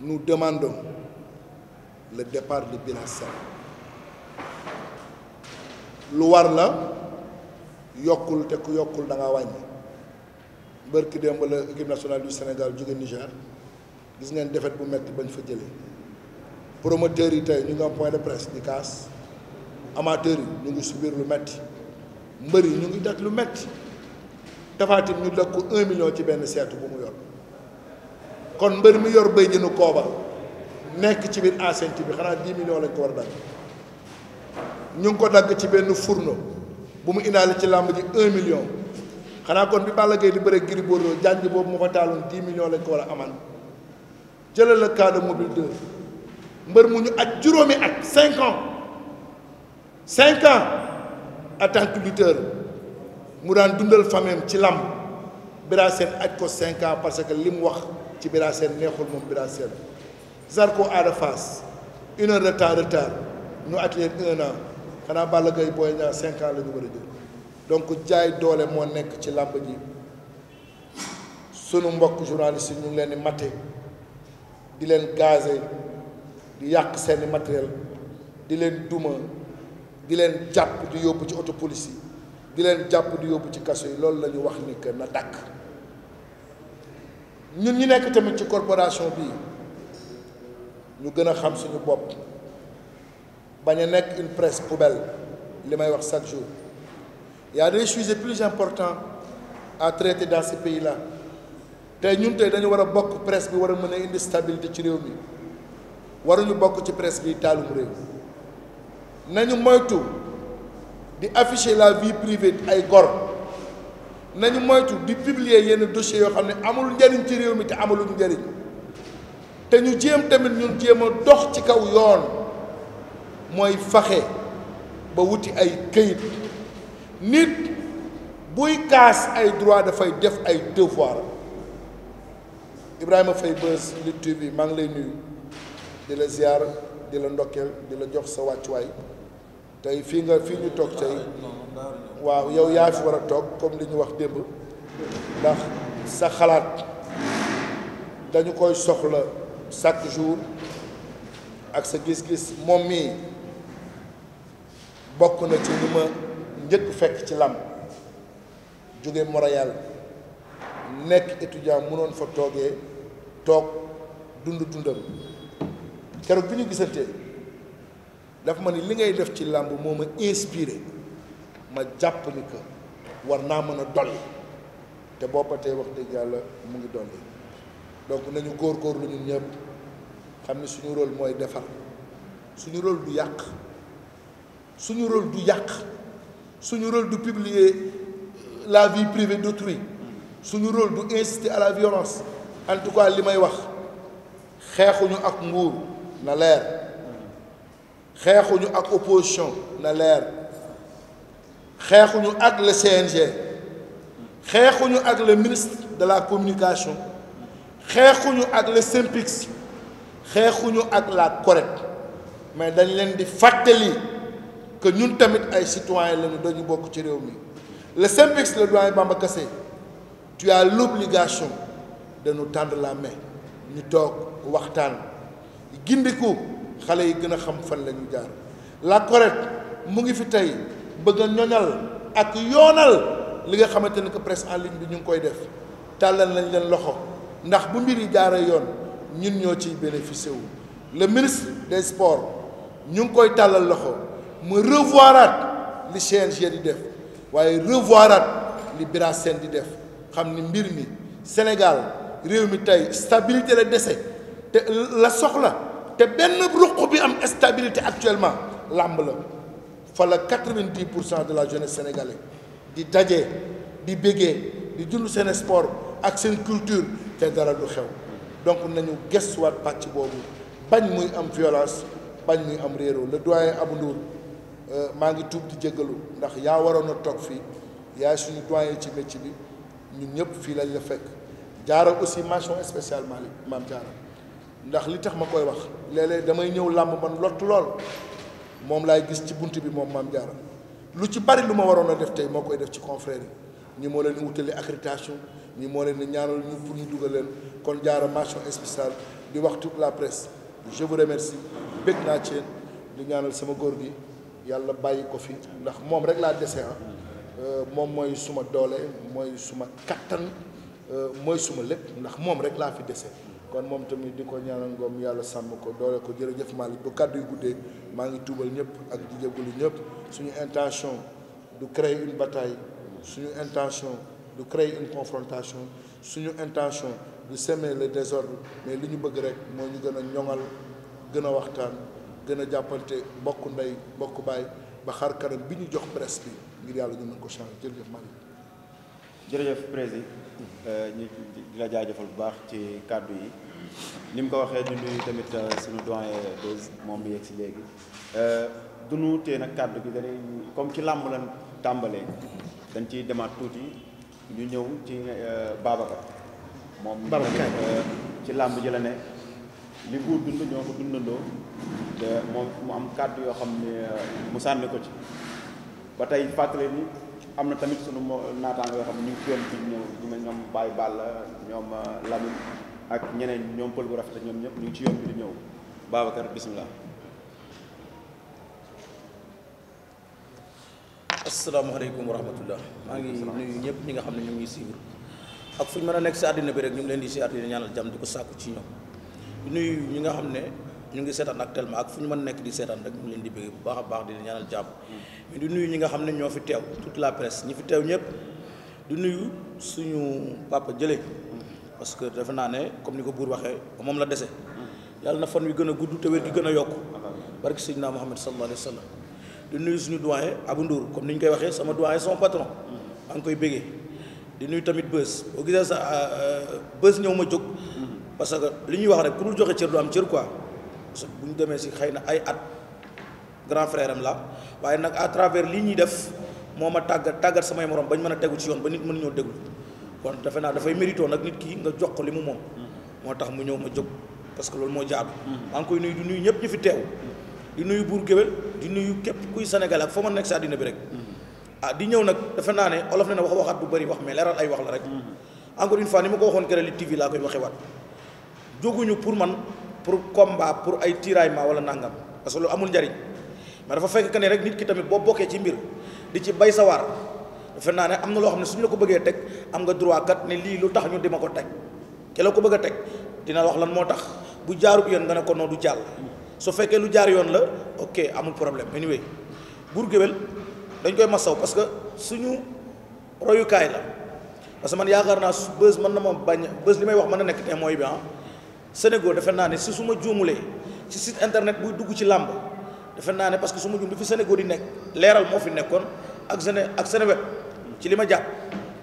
nous demandons le départ de Bilal Sane lu war la yokkul te ku yokkul da ngaa wàññi mbër ki démb la équipe nationale du Sénégal jóge Niger gis ngeen defet bu metti bañ fa jëlee. promoteurs yi tey ñu ngi am point de presse di kaas amateurs yi ñu ngi subir lu metti mbër yi ñu ngi daj lu metti bi ñu dëkk ko un million ci benn seetu bu mu yor kon mbër mi yor béy jënu kooba nekk ci biir enceinte bi xanaa 10 millions lañ ko war a dagg ñu ngi ko dagg ci benn furno bu mu indaale ci làmb ji un million xanaa kon bi Balla Gaye di bëre Gris Bordeaux jànj boobu mu fa taaloon 10 millions lañ ko war a amal jëlal la cas mobile 2 mbër mu ñu aj juróomi at cinq ans cinq ans en mu daan dundal fameem ci làmb Bira Sène aj ko cinq ans parce que li mu wax ci Bira Sène neexul moom Bira Sène Zarko Ada Fass une heure de temps retard ñu aj leen un an xanaa Balla Gaye Boy Niang cinq ans la ñu donc jaay doole moo nekk ci làmb ji sunu mbokk journaliste yi ñu ngi leen di di leen gazé di yàq seeni matériel di leen duma di leen jàpp di yóbbu ci auto police yi di leen jàpp di yóbbu ci kaso yi loolu la ñu wax ni que na dakk ñun ñu nekk tamit ci corporation bi ñu gën a xam suñu bopp bañ a nekk une presse poubelle li may wax chaque jour y a des sujets plus importants à traiter dans ce pays là tey ñun tey dañu war a bokk presse bi war a mën a indi stabilité ci réew bi waruñu bokk ci presse bi taalum réew nañu moytu di afficher la vie privée ay gor nañu moytu di publier yenn dossiers yoo xam ne amul njëriñ ci réew mi te amuluñu njariñ te ñu jéem tamit ñu jéem a dox ci kaw yoon mooy faxe ba wuti ay këyit nit buy kaas ay droit dafay def ay devoir Ibrahima fay Beuz Lutte TV maa ngi lay nuyu. di la ziar di la ndokkeel di la jox sa wàccuwaay tey fii nga fii ñu toog tey waaw yow yaa fi war a toog comme li ñu wax démb ndax sa xalaat dañu koy soxla chaque jour ak sa gis-gis moom mii bokk na ci li ma njëkk fekk ci làmb jóge Montréal nekk étudiant mënoon fa toogee toog dund dundam keroog bi ñu gisantee dafa ma ni li ngay def ci làmb moom ma inspiré ma jàpp ni que war naa mën a dolli te boppa wax dëgg yàlla mu ngi dolli donc nañu kóor góorgóorlu ñu ñëpp xam ni suñu rôle mooy defar suñu rôle du yàq suñu rôle du yàq suñu rôle du publier euh, la vie privée d'autrui suñu rôle du inciter à la violence en tout cas li may wax xeexuñu ak nguur na leer xeexuñu ak opposition na leer xeexuñu ak le CNG xeexuñu ak le ministre de la communication xeexuñu ak le SYNPICS xeexuñu ak la CORED mais dañ leen di fàttali que ñun tamit ay citoyens lañu dañu bokk ci réew mi le SYNPICS le doyen Bamba Kassé tu as l'obligation de nous tendre ñu toog waxtaan. gindiku xale yi gën a xam fan la jaar la correct mu ngi fi tey bëgg a ñoñal ak yoonal li nga xamante ne que presse en ligne bi ñu ngi koy def tàllal nañ leen loxo ndax bu mbir yi jaaree yoon ñun ñoo ciy bénéficié wu le ministre des sports ñu ngi koy tàllal loxo mu revoiraat li CNG di def waaye revoiraat li Bira Sène di def xam ni mbir mi Sénégal réew mi tey stabilité la dese te la soxla te benn ruq bi am stabilité actuellement làmb la fala la pour cent de la jeunesse sénégalaise di daje di béggee di dund seen sport ak seen culture te dara du xew donc nañu gëstuwaat pàcc boobu bañ muy am violence bañ muy am réeroo la doyen Abou Ndour euh, maa ngi tuub di jéggalu ndax yaa waroon a toog fii yaay suñu doyen ci métier bi ñun ñëpp fii lañ la fekk jaara aussi mention spéciale Malick Mame Diarra ndax li tax ma koy wax léeg-léeg damay ñëw làmb man lot lool moom laay gis ci bunt bi moom maam jaara lu ci bari lu ma waroon a def tey moo koy def ci confrère yi ñi moo leen wutale accréditation ñi moo leen ñaanal ñu pour ñu dugal leen kon jaara mention spéciale di wax toute la presse je vous remercie bég naa ci di ñaanal sama góor gi yàlla bàyyi ko fi ndax moom rek laa dese ah. euh, moom mooy suma doole mooy suma kattan euh, mooy suma lépp ndax moom rek laa fi dese kon moom tamit di ko ñaanal ngoom yàlla sàmm ko doole ko jërëjëf Malick ba kàddu yu guddee maa ngi tuubal ñëpp ak di jégalu ñëpp suñu intention du créer une bataille suñu intention du créer une confrontation suñu intention du semer le désordre mais li ñu bëgg rek moo ñu gën a ñoŋal gën a waxtaan gën a jàppante bokk ndey bokk baay ba xar kanam bi ñu jox presse bi ngir yàlla ñu mën ko changer jërëjëf Malick jërëjëf président euh, ñu di la jaajëfal bu baax ci kàddu yi nim mu ko waxee ñu nuyu tamit euh, suñu doyen dose moom mi yegg si léegi euh, du nu nag kàddu gi dañuy comme ci làmb la tàmbalee dañ ciy demaat tuuti ñu ñëw ci Babacar moom ci làmb ji la ne li nguur dund ñoo ko dundandoo moom mu am kàddu yoo xam ne mu sànni ko ci ba tey fàttali ni am na tamit sunu naataan yoo xam ne ñu ngi tuyoon ci ñëw ñu mel ñoom Baye Ball euh, ak ñeneen ñoom pël bu rafet ñoom ñëpp ñu ngi ci di ñëw Babacar bisimilah. asalaamaaleykum wa rahmatullah maa ngi nuyu ñëpp ñi nga xam ne ñoom ngi suivre ak suñ ñu mën a nekk si àddina bi rek ñu ngi leen di si àddina ñaanal jàmm di ko sàkku ci ñoom nuyu ñi nga xam ne. ñu ngi seetaan actuellement ak fu ñu mën nekk di seetaan rek ñu leen di bëgg bu baax a baax di ñaanal jàmm mais mm. du nuyu ñi nga xam ne ñoo fi teew tout la presse ñi fi teew ñëpp du nuyu suñu papa jëlee mm. parce que defe naa ne comme ni ko buur waxee moom la dese mm. yàlla na fan wi gën gudd te wér gi gën a yokk barki Seydina Muhammad sallallahu alayhi wa sallam di nuyu suñu doyen Abou Ndour comme ni ñu koy waxee sama doyen son patron maa ngi koy bëggee di nuyu tamit bës boo gisee sa euh, euh, bës ñëw ma jóg parce que li ñuy wax rek ku dul joxe cër du am cër quoi bu ñu demee si xëy na ay at grand frère am la waaye nag à travers lii ñuy def moom ma tàggat tàggat samay morom bañ mën a tegu ci yoon ba nit mën ñoo déglu kon defe naa dafay mérito nag nit ki nga jox ko li mu moom. moo tax mu ñëw ma jóg parce que loolu moo jaadu. maa koy nuyu di nuyu ñëpp ñu fi teew. di nuyu buur géwél di nuyu képp kuy Sénégal ak fa ma nekk si àddina bi rek. ah di ñëw nag defe naa ne olof ne na wax waxaat bu bëri wax mais leeral ay wax la rek. encore une fois ni ma ko waxoon keroog li TV laa koy waxewaat joguñu pour man pour comme combat pour ay tiraillement wala nangam parce que loolu amul njariñ mais dafa fekk que ne rek nit ki tamit boo bokkee ci mbir di ci bay sawaar defe naa ne am na loo xam ne suñu la ko bëggee teg am nga droit kat ne lii lu tax ñu di ma ko teg ki ko bëgg a teg dina wax lan moo tax bu jaarut yoon nga ne ko noo du jàll su fekkee lu jaar yoon la ok amul problème anyway Bour géwél dañ koy masaw parce que suñu royukaay la parce que man yaakaar naa su bës mën na ma bañ bës li may wax mën na nekk te mooy bi ah Sénégal defe naa ne si suma ma juumulee ci site internet buy dugg ci làmb defe naa ne parce que su ma juum bi fi Sénégal di nekk leeral moo fi nekkoon ak Séné ak Sénéweb ci li ma jàpp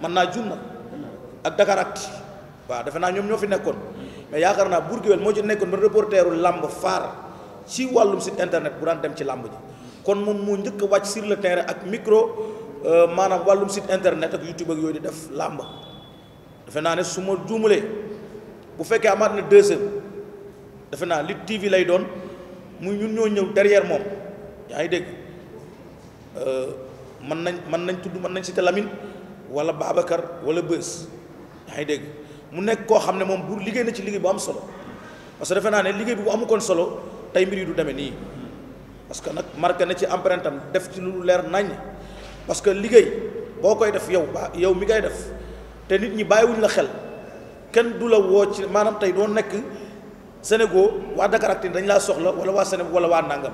mën naa juum na ak Dakaractu waa defe naa ñoom ñoo fi nekkoon mais yaakaar naa Bourguewel moo ci nekkoon ba reporteru làmb faar ci wàllum site internet bu daan dem ci làmb ji kon moom moo njëkk wàcc sir le terrain ak micro euh, maanaam wàllum site internet ak YouTube ak yooyu di def làmb defe naa ne su ma bu fekkee amaat na deux heures defe naa Lutte TV lay doon mu ñun ñoo ñëw derrière moom yaa ngi dégg euh, mën nañ mën nañ tudd mën nañ cité Lamine wala Babacar wala Bës yaa ngi dégg mu nekk koo xam ne moom bu liggéey na ci liggéey bu am solo parce que defe naa ne liggéey bi bu amukoon solo tey mbir yi du demee nii parce que nag marqué na ci empreinte am def ci lu leer naññ parce que liggéey boo koy def yow ba yow mi koy def te nit ñi bàyyiwuñ la xel. kenn du la woo ci maanaam tey doo nekk Sénégal waa Dakaractu dañ laa soxla wala waa Sénégal wala waa Nangam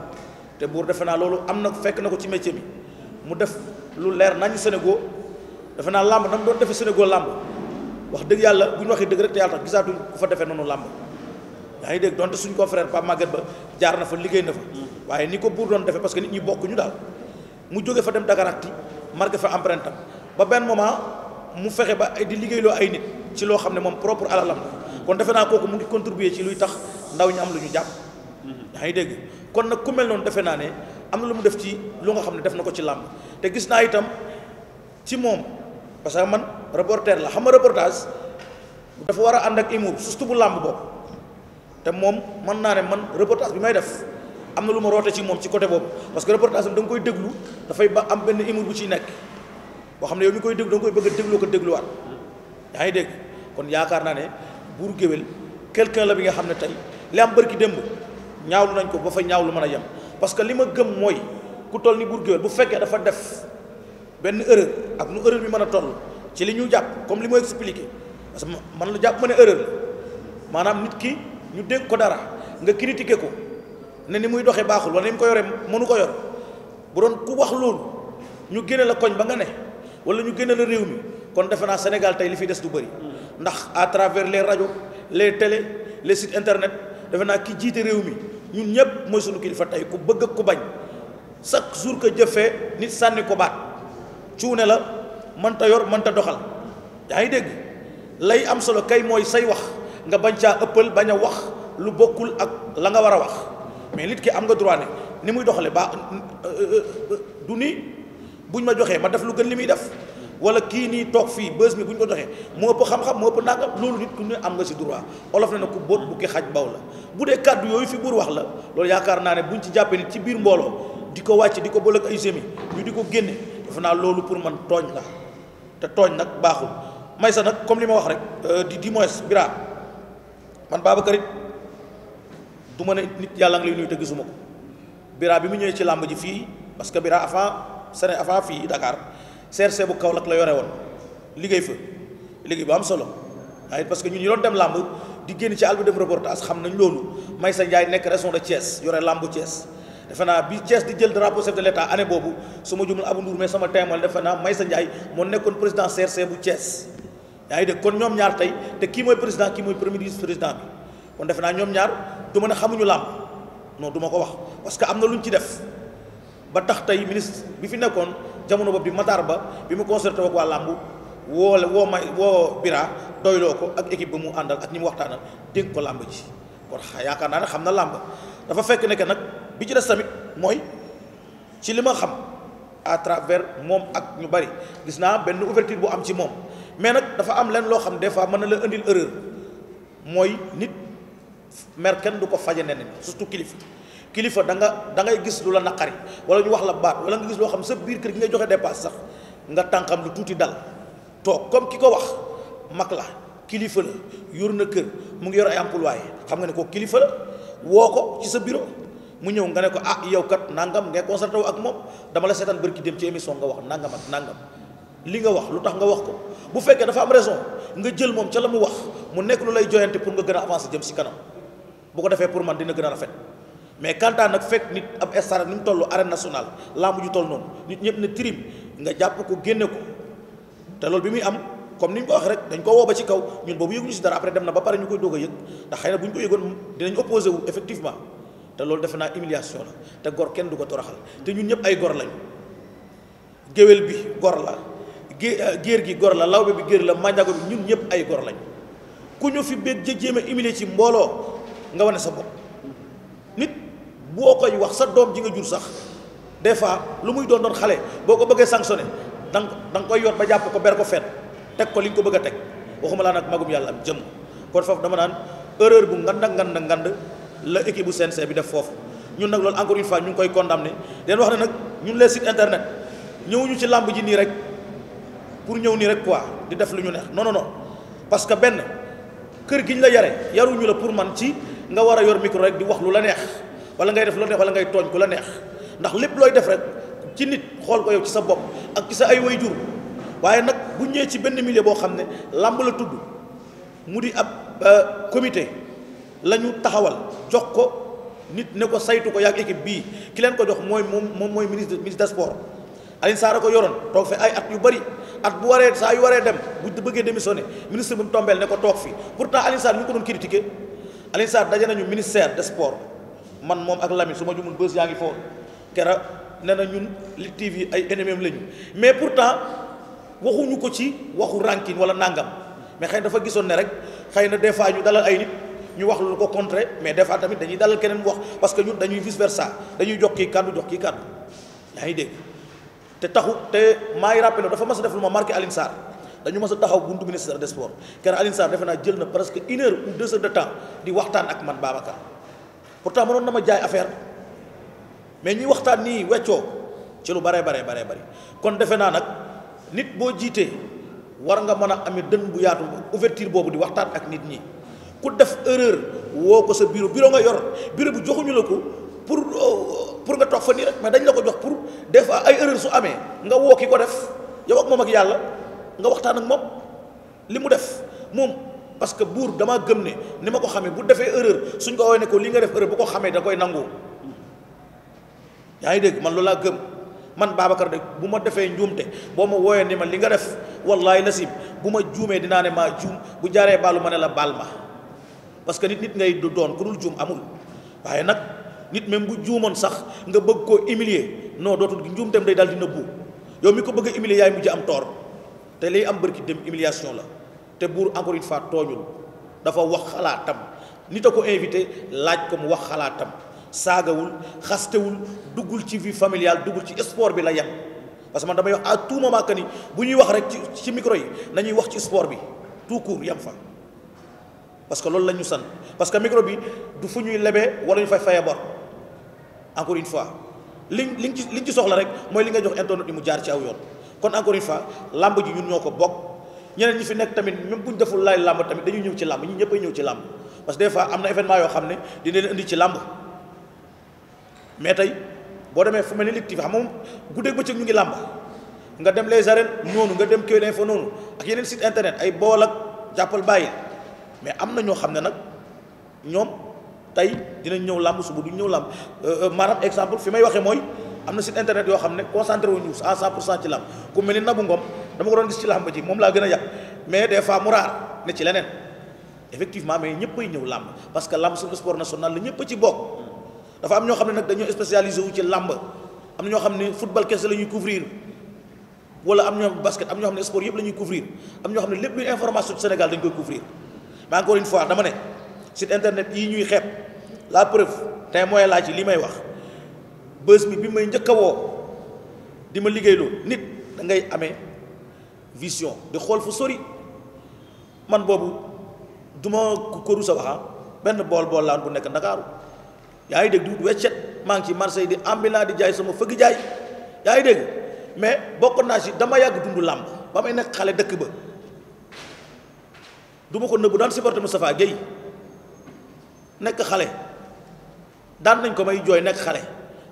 te buur defe naa loolu am na fekk na ko ci métier bi mu def lu leer nañ Sénégal defe naa làmb na mu doon defee Sénégal làmb wax dëgg yàlla bu ñu waxee dëgg rek te yàlla tax gisaatuñ ku fa defee noonu làmb yaa ngi dégg donte suñ ko confrère Pape Maguette ba jaar na fa liggéey na fa waaye ni ko buur doon defee parce que nit ñi bokk ñu daal mu jóge fa dem Dakaractu marqué fa empreinte am ba benn moment mu fexe ba di liggéeyloo ay nit. ci loo xam ne moom propre alalam la kon defe naa kooku mu ngi contribuer ci luy tax ndaw ñi am lu ñu jàpp yaa ngi dégg kon nag ku mel noonu defe naa ne am na lu ma def ci lu nga xam ne def na ko ci làmb te gis naa itam ci moom parce que man reporter la xam nga reportage dafa war a ànd ak humour surtout làmb boobu te moom mën naa ne man reportage bi may def am na lu ma roote ci moom ci côté boobu parce que reportage am da nga koy déglu dafay ba am benn humour bu ci nekk boo xam ne yow ñu koy déglu da koy bëgg a dégloo ko dégluwaat yaa ngi dégg kon yaakaar naa ne buur géwél quelqu'un la bi nga xam ne tey li am bërki démb ñaawlu nañ ko ba fa ñaawlu mën a yem parce que li ma gëm mooy ku toll ni buur géwél bu fekkee dafa def benn erreur ak nu erreur bi mën a toll ci li ñu jàpp comme li ma expliqué parce que man la jàpp ma ne erreur maanaam nit ki ñu dégg ko dara nga critiqué ko ne ni muy doxee baaxul wala ni mu ko yore mënu ko yor bu doon ku wax loolu ñu génne la koñ ba nga ne wala ñu génne la réew mi kon defe naa Sénégal tey li fi des du bëri ndax à travers les rajo les télé les sites internet defe naa ki jiite réew mi ñun ñëpp mooy sunu kilifa tey ku bëgg ak ku bañ chaque jour que jëfee nit sànni ko baat cuune la man mënta yor mënta doxal yaa ngi dégg lay am solo kay mooy say wax nga bañ caa ëppal bañ a wax lu bokkul ak la nga war a wax mais nit ki am nga droit ne ni muy doxale baa du ni buñ ma joxee ma def lu gën li muy def wala kii nii toog fii bës mi bu ñu ko doxee moo ëpp xam-xam moo ëpp nangam loolu nit ku ne am nga si droit olof ne na ku boot bu ki xaj baw la bu dee kàddu yooyu fi buur wax la loolu yaakaar naa ne buñ ci jàppee nit ci biir mbooloo di ko wàcc di ko boole ak ay semi ñu di ko génne defe naa loolu pour man tooñ la te tooñ nag baaxul may nag comme li ma wax rek euh, di dimoes bira man Babacar it du ma ne nit yàlla nga lay nuyu te gisuma ko bira bi mu ñëwee ci làmb ji fii parce que bira avant Séné avant fii Dakar CRC bu Kaolack la yore woon liggéey fa liggéey bu am solo waaye parce que ñu ñu doon dem làmb di génn ci àll bi dem reportage xam nañ loolu sa njaay nekk région de Thiès yore làmb Thiès. defe naa bi Thiès di jël drapeau chef de l'état année boobu su ma jumul Abou Ndour mais sama teemal defe naa sa Ndiaye moo nekkoon président CRC bu Thiès yaa ngi dégg kon ñoom ñaar tey te kii mooy président kii mooy premier président bi kon defe naa ñoom ñaar du ma xamuñu làmb non du ko wax parce que am na lu ci def ba tax tey ministre bi fi nekkoon. jamono boobu bi Matar Ba bi mu concerté ak waa làmb woo woo may woo Bira doyloo ko ak équipe bi mu àndal ak ñi mu waxtaanal dégg ko làmb ji kon yaakaar naa ne xam na làmb dafa fekk ne que nag bi ci des tamit mooy ci li ma xam à travers moom ak ñu bari gis naa benn ouverture bu am ci moom mais nag dafa am leen loo xam des fois mën na la indil erreur mooy nit mer kenn du ko faje neneen surtout kilifa. kilifa da nga da ngay gis lu la naqari wala ñu wax la baat wala nga gis loo xam sa biir kër gi ngay joxe dépasse sax nga tànkam lu tuuti dal toog comme ki ko wax mag la kilifa la yor na kër mu ngi yor ay employé xam nga ne ko kilifa la woo ko ci sa bureau mu ñëw nga ne ko ah yow kat nangam ngay concerté wu ak moom dama la seetaan bërki dem ci émission nga wax nangam ak nangam li nga wax lu tax nga wax ko bu fekkee dafa am raison nga jël moom ca la mu wax mu nekk lu lay joyante pour nga gën a avancer jëm si kanam bu ko defee pour man dina gën a rafet. mais kantaa nag fekk nit ab star ni mu toll arène nationale làmb ju toll noonu nit ñëpp ne tirim nga jàpp ko génne ko te loolu bi muy am comme ni ñu ko wax rek dañ ko woo ba ci kaw ñun boobu yëguñu si dara après dem na ba pare ñu koy doog a yëg ndax xëy na bu ñu ko yëgoon dinañ opposé effectivement te loolu defe naa humiliation la te gor kenn du ko toraxal te ñun ñëpp ay gor lañu géwél bi gor la gé euh, géer gi gor la lawbe bi géer la manjago bi ñun ñëpp ay gor lañu ku ñu fi bëgg jéem a humilier mbooloo nga wane sa bopp boo koy wax sa doom ji nga jur sax des fois lu muy doon doon xale boo ko bëggee sanctionné da nga da koy yor ba jàpp ko ber ko fenn teg ko li nga ko bëgg teg waxuma laa nag magum yàlla am jëm kon foofu dama naan erreur bu ngand ak ngand ngand la équipe bu CNG bi def foofu ñun nag loolu encore une fois ñu ngi koy condamné den wax ne nag ñun les sites internet ñëwuñu ci làmb ji nii rek pour ñëw nii rek quoi di def lu ñu neex non non non parce que benn kër gi ñu la yare yaruñu la pour man ci nga war a yor micro rek di wax lu la neex wala ngay def lu neex wala ngay tooñ ku la neex ndax lépp looy def rek ci nit xool ko yow ci sa bopp ak ci sa ay way jur waaye nag bu ñëwee ci benn milieu boo xam ne làmb la tudd mu di ab euh, comité la ñu taxawal jox ko nit ne ko saytu ko yaag équipe bii ki leen ko jox mooy moom moom mooy ministre ministre des sports Alioune Sarr ko yoroon toog fi ay at yu bari at bu waree saa yu waree dem bu bëggee démissionné ministre bu mu tombeel ne ko toog fi pourtant Alioune Sarr ñu ko doon critiqué Alioune daje nañu ministère des sports man moom ak Lamine su ma jumul bës yaa ngi foon kera nee na ñun Lutte TV ay ennemis lañu mais pourtant waxuñu ko ci waxu ranking wala nangam mais xëy na dafa gisoon ne rek xay na des fois ñu dalal ay nit ñu wax lu ko contrer mais des fois tamit dañuy dalal keneen mu wax parce que ñun dañuy vice versa dañuy jox kii kàddu jox kii kàddu yaa ngi dégg. te taxu te maa ngi rappelé dafa mas a def lu ma marqué Alioune Sarr dañu mas a taxaw buntu ministère des sports keroog Alioune Sarr defe naa jël na presque une heure ou de temps di waxtaan ak man Babacar. pourtant mënoon na ma jaay affaire mais ñi waxtaan nii weccoo ci lu baree baree baree bëri kon defe naa nag nit boo jiitee war nga mën a amee dën bu yaatu ouverture boobu di waxtaan ak nit ñi ku def erreur woo ko sa bureau bureau nga yor bureau bi joxuñu la ko pour euh, pour nga toog fa nii rek mais dañ la ko jox pour def fois ay erreur su amee nga woo ki ko def yow ak moom ak yàlla nga waxtaan ak moom li mu def moom. parce que buur damaa gëm ne ni ma ko xamee bu defee erreur suñ ko woowee ne ko li nga def erreur bu ko xamee da koy nangu yaa ngi dégg man loolu laa gëm man Babacar de bu ma defee njuumte boo ma wooyee ni ma li nga def wallaahi nasib bu ma juumee dinaa ne maa juum bu jaaree baalu ma ne la baal ma parce que nit nit ngay du doon ku dul juum amul waaye nag nit même bu juumoon sax nga bëgg koo humilier noo dootul njuumteem day daal di nëbbu yow mi ko bëgg a humilier yaay am tort te lay am bërki dem humiliation la te buur encore une fois tooñul dafa wax xalaatam nit a ko invité laaj ko mu wax xalaatam saagawul xastewul duggul ci vie familiale duggul ci sport bi la yem parce que man damay wax à tout moment que bu ñuy wax rek ci ci micro yi nañuy wax ci sport bi tout court yem fa parce que loolu la ñu sant parce que micro bi du fu ñuy lebee wala ñu fay faye bor encore une fois li li ci li ci soxla rek mooy li nga jox internet yi mu jaar ci aw yoon kon encore une fois làmb ji ñun ñoo ko bokk. ñeneen ñi fi nekk tamit même bu ñu deful laay làmb tamit dañuy ñëw ci làmb ñi ñëpp ñëw ci làmb parce que des fois am na événement yoo xam ne dina leen indi ci làmb mais tey boo demee fu mel ni lictive xam moom guddeeg bëccëg ñu ngi làmb nga dem les arènes noonu nga dem Kewel Info noonu ak yeneen site internet ay bool ak jàppal bàyyi mais am na ñoo xam ne nag ñoom tey dinañ ñëw làmb suba duñ ñëw làmb euh, euh, maanaam exemple fi may waxee mooy am na site internet yoo xam ne concentré wuñu à 100 pour cent ci làmb ku mel ni Nabou Ngom dama ko doon gis ci làmb ji moom laa gën a yàq mais des fois mu raar ne ci leneen effectivement mais ñëpp ay ñëw làmb parce que làmb suñu sport national la ñëpp ci bokk dafa am ñoo xam ne nag dañoo spécialisé wu ci làmb am ñoo xam ne football kese la ñuy couvrir wala am ñoo xam basket am ñoo xam ne sport yëpp la ñuy couvrir am ñoo xam ne lépp luy information ci Sénégal dañ koy couvrir mais encore une fois dama ne site internet yi ñuy xeeb la preuve tey mooy laa ci li may wax bés mi bi may njëkk woo di ma liggéeyloo nit ngay amee vision di xool fu sori man boobu du ma ko rus a wax ah. benn bool bool laan bu nekk ndakaaru yaa ngi dégg du weccet maa ngi ci marché di ambulant di jaay sama fëgg jaay yaa ngi dégg mais bokk naa ci dama yàgg dund làmb ba may nekk xale dëkk ba du ma ko nëbbu daan supporté safaa Guèye nekk xale daan nañ ko may jooy nekk xale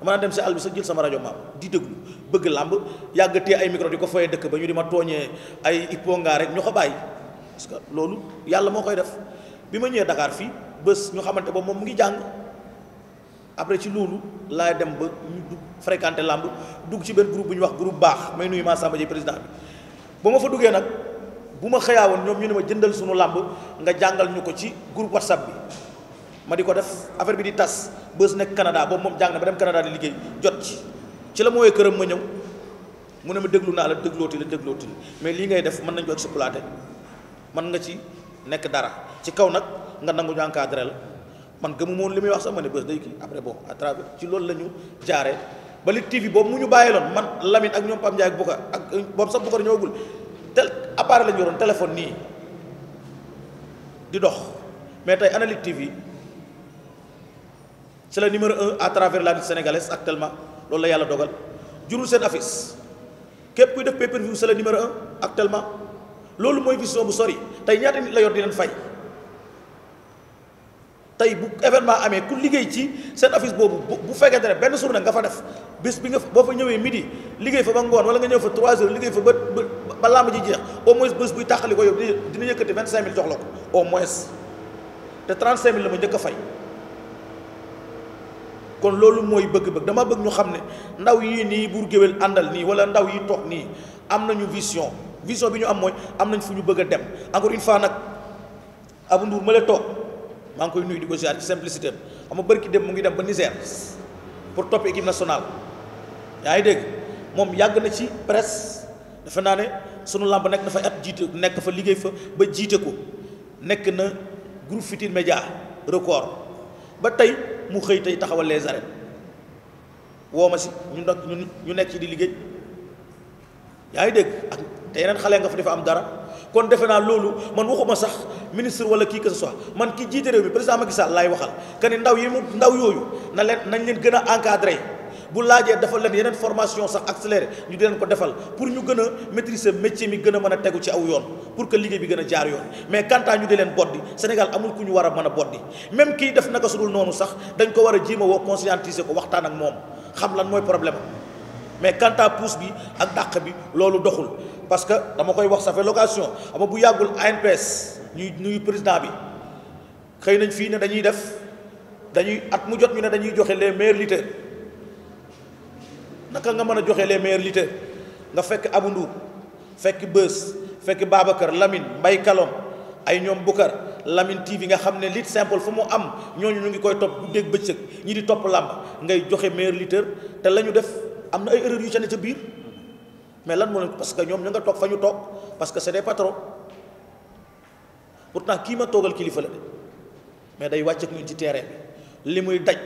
man daan dem si àll bi sa jël sama rajo maam di déglu bëgg làmb yàgg tee ay micro di ko foyee dëkk ba ñu di ma tooñee ay iponga rek ñoo ko bàyyi parce que loolu yàlla moo koy def bi ma ñëwee dakaar fii bés ñu xamante ba moom mu ngi jàng après ci loolu laay dem ba ñu fréquenté làmb ci benn groupe bu ñuy wax groupe baax may nuyu ma Samba Dieye président bi ba ma fa duggee nag bu ma woon ñoom ñu ne ma jëndal suñu làmb nga jàngal ñu ko ci groupe whatsapp bi ma di ko def affaire bi di tas bés nekk Canada boobu moom jàng na ba dem Canada di liggéey jot ci ci la mooy këram ma ñëw mu ne ma déglu naa la déglooti la déglooti la mais lii ngay def man nañ ko exploité man nga ci nekk dara ci kaw nag nga nangu ñu encadré la man gëmu moon li muy wax sax ma ne bés day kii après bon à travers ci loolu la ñu jaaree ba li TV boobu mu ñu bàyyiloon man Lamine ak ñoom Pape Ndiaye ak Boucar ak euh, boobu sax Boucar ñëwagul tel appareil la ñu yoroon téléphone nii di dox mais tey Analyse TV c'est le numéro un à travers la lutte sénégalaise actuellement loolu la yàlla dogal jurul seen affiche képp kuy def pay per view numéro un actuellement loolu mooy vision bu sori tey ñaata nit la yor di leen fay tey bu événement amee ku liggéey ci seen office boobu bu bu fekkente ne benn journée nga fa def bis bi nga boo fa ñëwee midi liggéey fa ba ngoon wala nga ñëw fa 3 heures liggéey fa ba ba làmb jeex au moins bés buy tàqali ko yow dina yëkkati 25000 jox la ko au moins te 35000 la ma njëkk a fay. kon loolu mooy bëgg-bëgg dama bëgg ñu xam ne ndaw yii nii buur géwél àndal nii wala ndaw yi toog nii am na ñu vision vision bi ñu am mooy am nañ fu ñu bëgg a dem encore une fois nag Abou Ndour ma la toog maa ngi koy nuyu di ko ziar ci simplicité am xam bërki dem mu ngi dem ba Niger pour topp équipe nationale yaa ngi dégg moom yàgg na ci presse dafa naa ne sunu làmb nekk na fa at jiite nekk fa liggéey fa ba jiite ko nekk na groupe Futurs Médias record ba tey mu xëy tey taxawal les arènes woo ma si ñu nag ñu nekk ci di liggéey yaa ngi dégg ak te yeneen xale nga fa dafa am dara kon defe naa loolu man waxuma sax ministre wala kii que ce man ki jiite réew mi président Macky Sall laay waxal que ni ndaw yi mu ndaw yooyu na leen nañ leen gën a encadré. bu laajee dafa leen yeneen formation sax accéléré ñu di leen ko defal pour ñu gën a maîtriser métier mi gën a mën a tegu ci aw yoon pour que liggéey bi gën a jaar yoon mais quant à ñu di leen boddi Sénégal amul ku ñu war a mën a boddi même kii def naka sudul noonu sax dañ ko war a jéem woo conscientiser ko waxtaan ak moom xam lan mooy problème mais quant à bi ak dàq bi loolu doxul parce que dama koy wax ça fait location ama bu yàggul ANPS ñuy nuyu président bi xëy nañ fii ne dañuy def dañuy at mu jot ñu ne dañuy joxe les meilleurs lutteurs naka nga mën a joxe les meilleures lutteurs nga fekk Abou Ndour fekk bës fekk Babacar Lamine Mbaye Kalom ay ñoom Bukar Lamine TV nga xam ne lutte simple fu mu am ñooñu ñu ngi koy topp dégg bëccëg ñi di topp làmb ngay joxe meilleur lutteur te la ñu def am na ay erreurs yu ca ne ca biir mais lan moo ne parce que ñoom ñu nga toog fa ñu toog parce que c'est des pour pourtant kii ma toogal kilifa la de mais day wàcc ak ñun ci terrain bi li muy daj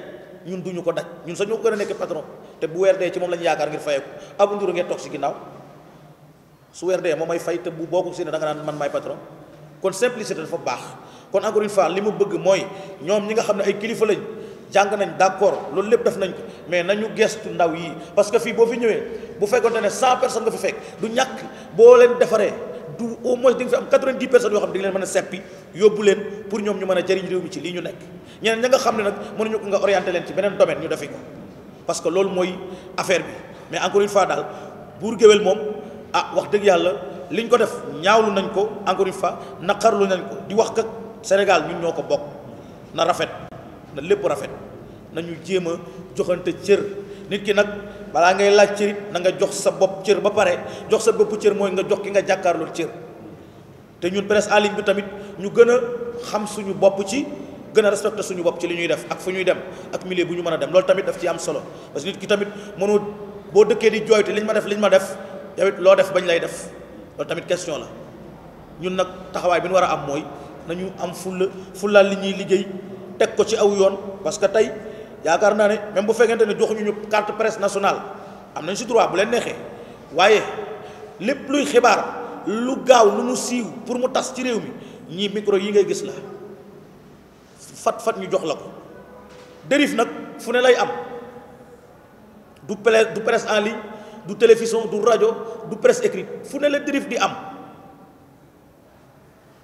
ñun duñu ko daj ñun sax ñoo ko a nekk patron te bu weer dee ci moom la ñu yaakaar ngir fayeeku abu nduru ngeen toog si ginnaaw su weer dee moom may fay te bu boo ko séenee da nga naan man may patron kon simplicité dafa baax kon encore une fois li mu bëgg mooy ñoom ñi nga xam ne ay kilifa lañ jàng nañ d'accord loolu lépp def nañ ko mais nañu gestu ndaw yi parce que fii boo fi ñëwee bu fekkoonte ne cent personnes nga fi fekk du ñàkk boo leen defaree du au moins di nga fi am quatre di nga leen mën a seppi yóbbu leen ñu mën a jëriñ réew mi ci ne nag mënuñu ko nga leen ci beneen domaine ñu defi parce que loolu mooy affaire bi mais encore une fois daal buur géwél moom ah wax dëgg yàlla liñ ko def ñaawlu nañ ko encore fa fois naqarlu nañ ko di wax ka Sénégal ñun ñoo ko bokk na rafet na lépp rafet nañu jéem a joxante cër nit ki nag balaa ngay laaj cërit na nga jox sa bopp cër ba pare jox sa bopp cër mooy nga jox ki nga jàkkaarloo cër te ñun presse en bi tamit ñu gën a xam suñu bopp ci gën a respecté suñu bopp ci li ñuy def ak fu ñuy dem ak milieu bu ñu mën a dem lool tamit daf ci am solo parce que nit ki tamit mënoo boo dëkkee di jooytu liñ ma def liñ ma def loo def bañ lay def loolu tamit question la ñun nag taxawaay bi ñu war a am mooy nañu am fulla fulla li ñuy liggéey teg ko ci aw yoon parce que tey yaakaar naa ne même bu fekkente ne joxuñu ñu carte presse nationale am nañ si droit bu leen neexee waaye lépp luy xibaar lu gaaw lu mu siiw pour mu tas ci réew mi ñii micro yi ngay gis la fat-fat ñu jox la ko dérive nag fu ne lay am du presse du presse en ligne du télévision du rajo du presse écrite fu ne la dérive di am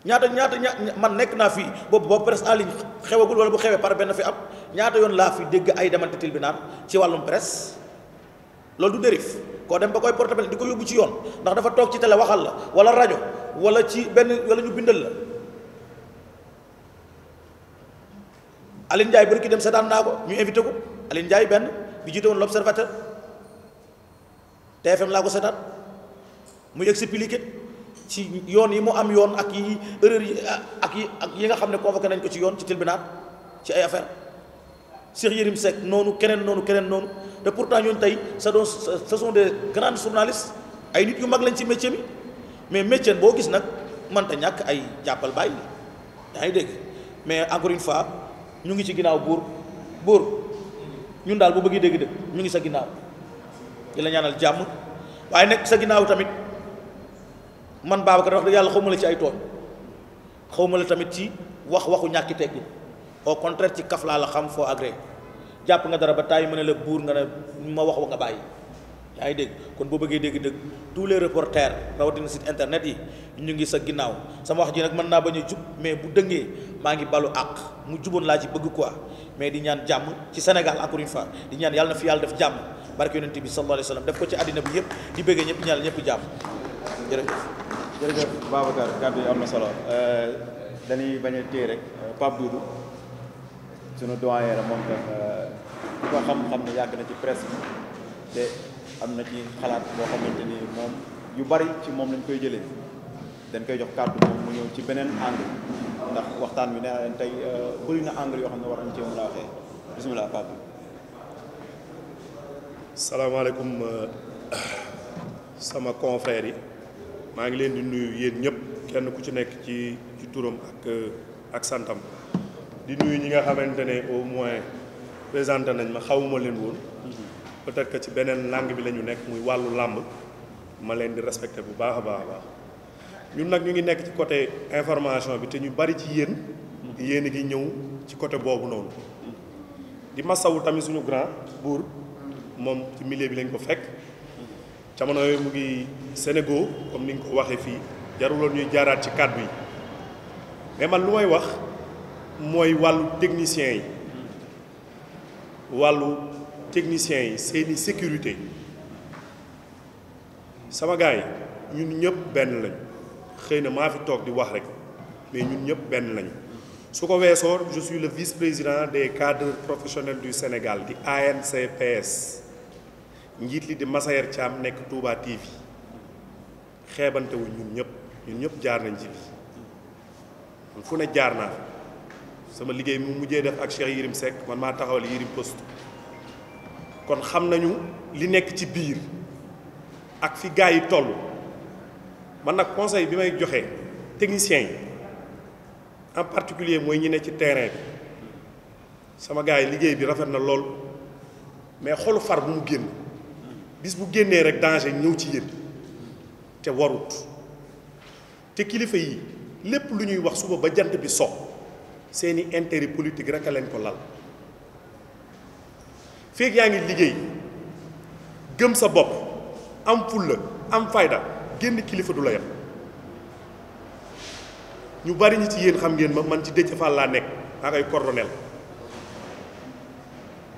ñaata ñaata ña man nekk naa fii boobu boobu presse en ligne xewagul wala bu xewee par benn fi am ñaata yoon laa fi dégg ay demante til bi naan ci wàllum presse loolu du dérive koo dem ba koy porte di ko yóbbu ci yoon ndax dafa toog ci télé waxal la wala rajo wala ci benn wala ñu bindal la Aline Ndiaye bari ki dem seetaan naa ko ñu invité ko Aline benn bi jiite woon l'observateur TFM laa ko seetaan muy expliqué ci yoon yi mu am yoon ak yi erreur yi ak yi ak yi nga xam ne convoqué nañ ko ci yoon ci tribunal ci ay affaire Cheikh Yérim Seck noonu keneen noonu keneen noonu te pourtant ñun tey ce sont ce sont des grands journalistes ay nit yu mag lañ ci métier mi mais métier boo gis nag mënta ñàkk ay jàppal bàyyi yaa ngi dégg mais encore une fois. ñu ngi ci ginnaaw buur buur ñun daal bu bëggee dégg de ñu ngi sa ginnaaw di la ñaanal jàmm waaye nekk sa ginnaaw tamit man Babacar wax dëgg yàlla xawma la ci ay tooñ xawma la tamit ci wax waxu ñàkki teggin au contraire ci kaf laa la xam foo agré jàpp nga dara ba taay mën ne la buur nga ne ma wax nga bàyyi ay dégg kon boo bëggee dégg dëgg tous les reporters rawatina site internet yi ñu ngi sa ginnaaw sama wax ji nag mën naa bañ a jub mais bu dëngee maa ngi balu àq mu juboon laa ci bëgg quoi mais di ñaan jàmm ci Sénégal encore fa di ñaan yàlla na fi yàlla def jàmm barke yonent bi sallallahu alayhi def ko ci àddina bi yëpp di bëggee ñëpp ñaan ñëpp jàmm jërëjëf. jërëjëf Babacar kàddu am na solo euh, dañuy bañ a téye rek euh, Pape moom tam euh, ko xam-xam ne yàgg na ci presse te. am na ci xalaat boo xamante ni moom yu bari ci moom lañ koy jëlee dañ koy jox kàddu moom mu ñëw ci beneen angle ndax waxtaan bi nee naa leen tey euh, bëri na yoo xam ne war nañ cee a waxee bisimilah euh, sama confrère yi maa ngi leen di nuyu yéen ñëpp kenn ku ci nekk ci ci turam ak euh, santam di nuyu ñi nga xamante ne au moins présenté nañ ma xawuma leen woon. peut-être que ci beneen làng bi la ñu nekk muy wàllu làmb ma leen di respecté bu baax a baax a baax ñun nag ñu ngi nekk ci côté information bi te ñu bari ci yéen yéen a ngi ñëw ci côté boobu noonu di masawu tamit suñu grand buur moom ci millier bi lañ ko fekk jamono yooyu mu ngi Sénégal comme ni nga ko waxee fii jaruloon ñuy jaaraat ci kàddu yi mais man lu may wax mooy wàllu technicien yi wàllu techniciens yi seeni sécurité sama gars yi ñun ñëpp benn lañ xëy na maa fi toog di wax rek mais ñun ñëpp benn lañu su ko weesoo je suis vice-président des cadres professionnels du Sénégal di ANCPS njiit li di Massayer Thiam nekk Touba TV xeebante wu ñun ñëpp ñun ñëpp jaar nañ ci lii fu ne jaar naa sama liggéey mu mujjee def ak Cheikh Yirim Seck man maa taxawal Yirim Poste kon xam nañu li nekk ci biir ak fi gars yi toll man nag conseil bi may joxe techniciens yi en particulier mooy ñi ne ci terrain bi sama gars yi liggéey bi rafet na lool mais xolu far bu mu génn bis bu génnee rek danger ñëw ci yéen te warut te kilifa yi lépp lu ñuy wax suba ba jant bi so seeni intérêt politique rek a leen ko lal feeg yaa ngi liggéey gëm sa bopp am fulla am fayda génn kilifa du la yem ñu bari ñi ci yéen xam ngeen ma man ci Déthié Fall laa nekk akay ngay coordonnel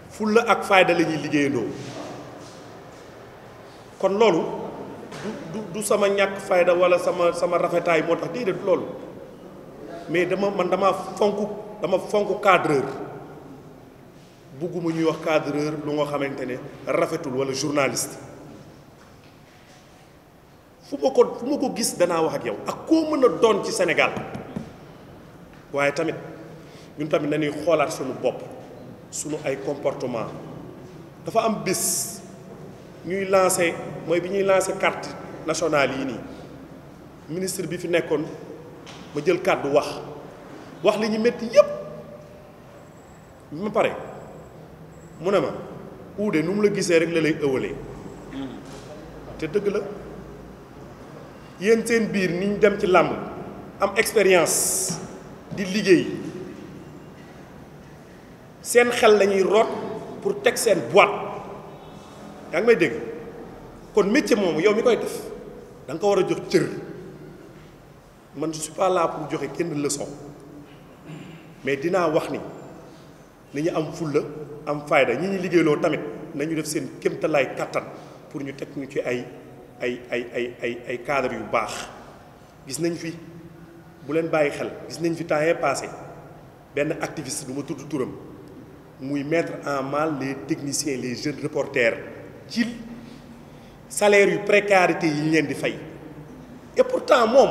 fulla ak fayda la liggéeyandoo kon loolu du du sama ñàkk fayda wala sama sama rafetaay moo tax déedéet loolu mais dama man dama fonk dama fonk cadreur bugguma ñuy wax cadreur lu nga xamante ne rafetul walla journalist fu ma ko fu ma ko gis danaa wax ak yow ak koo mën a doon ci senegal waaye tamit ñun tamit nañuy xoolaat suñu bopp suñu ay comportement dafa am bis ñuy lancé mooy bi ñuy lancé carte nationale yi nii ministre bi fi nekkoon ma jël kàddu wax wax li ñu métti yépp ma pare mu ne ma uude nu mu la gisee rek la lay ëwalee te dëgg la yéen seen biir ni ñu dem ci làmb am expérience di liggéey seen xel lañuy root pour teg seen boîte yaa ngi may dégg kon métier moomu yow mi koy def danga ko war a jox cër man je suis pas là pour joxe kenn leçon mais dinaa wax ni nañu am fulla am fayda ñi ñuy liggéeyloo tamit nañu def seen kéemtalaay kattan pour ñu teg ñu ci ay ay ay ay ay ay cadre yu baax gis nañ fi bu leen bàyyi xel gis nañ fi temps yee passé benn activiste du ma tudd turam muy mettre en mal les techniciens les jeunes reporters ci salaire yu précarité yi ñu leen di fay et temps moom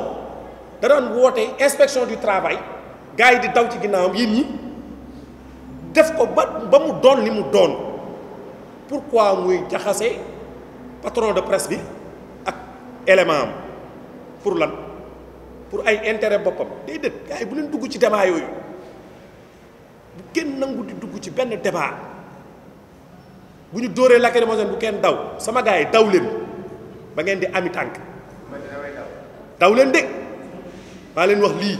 da doon woote inspection du travail gars yi di daw ci ginnaawam yéen ñi def ko ba mu doon li mu doon pourquoi muy jaxase patron de presse bi ak élément am pour lan pour ay intérêt boppam déedéet gars yi bu leen dugg ci débat yooyu bu kenn nangu di dugg ci benn débat bu ñu dóoree lacrymogène bu kenn daw sama gaa yi daw leen ba ngeen di ami tànk daw leen de maa leen wax lii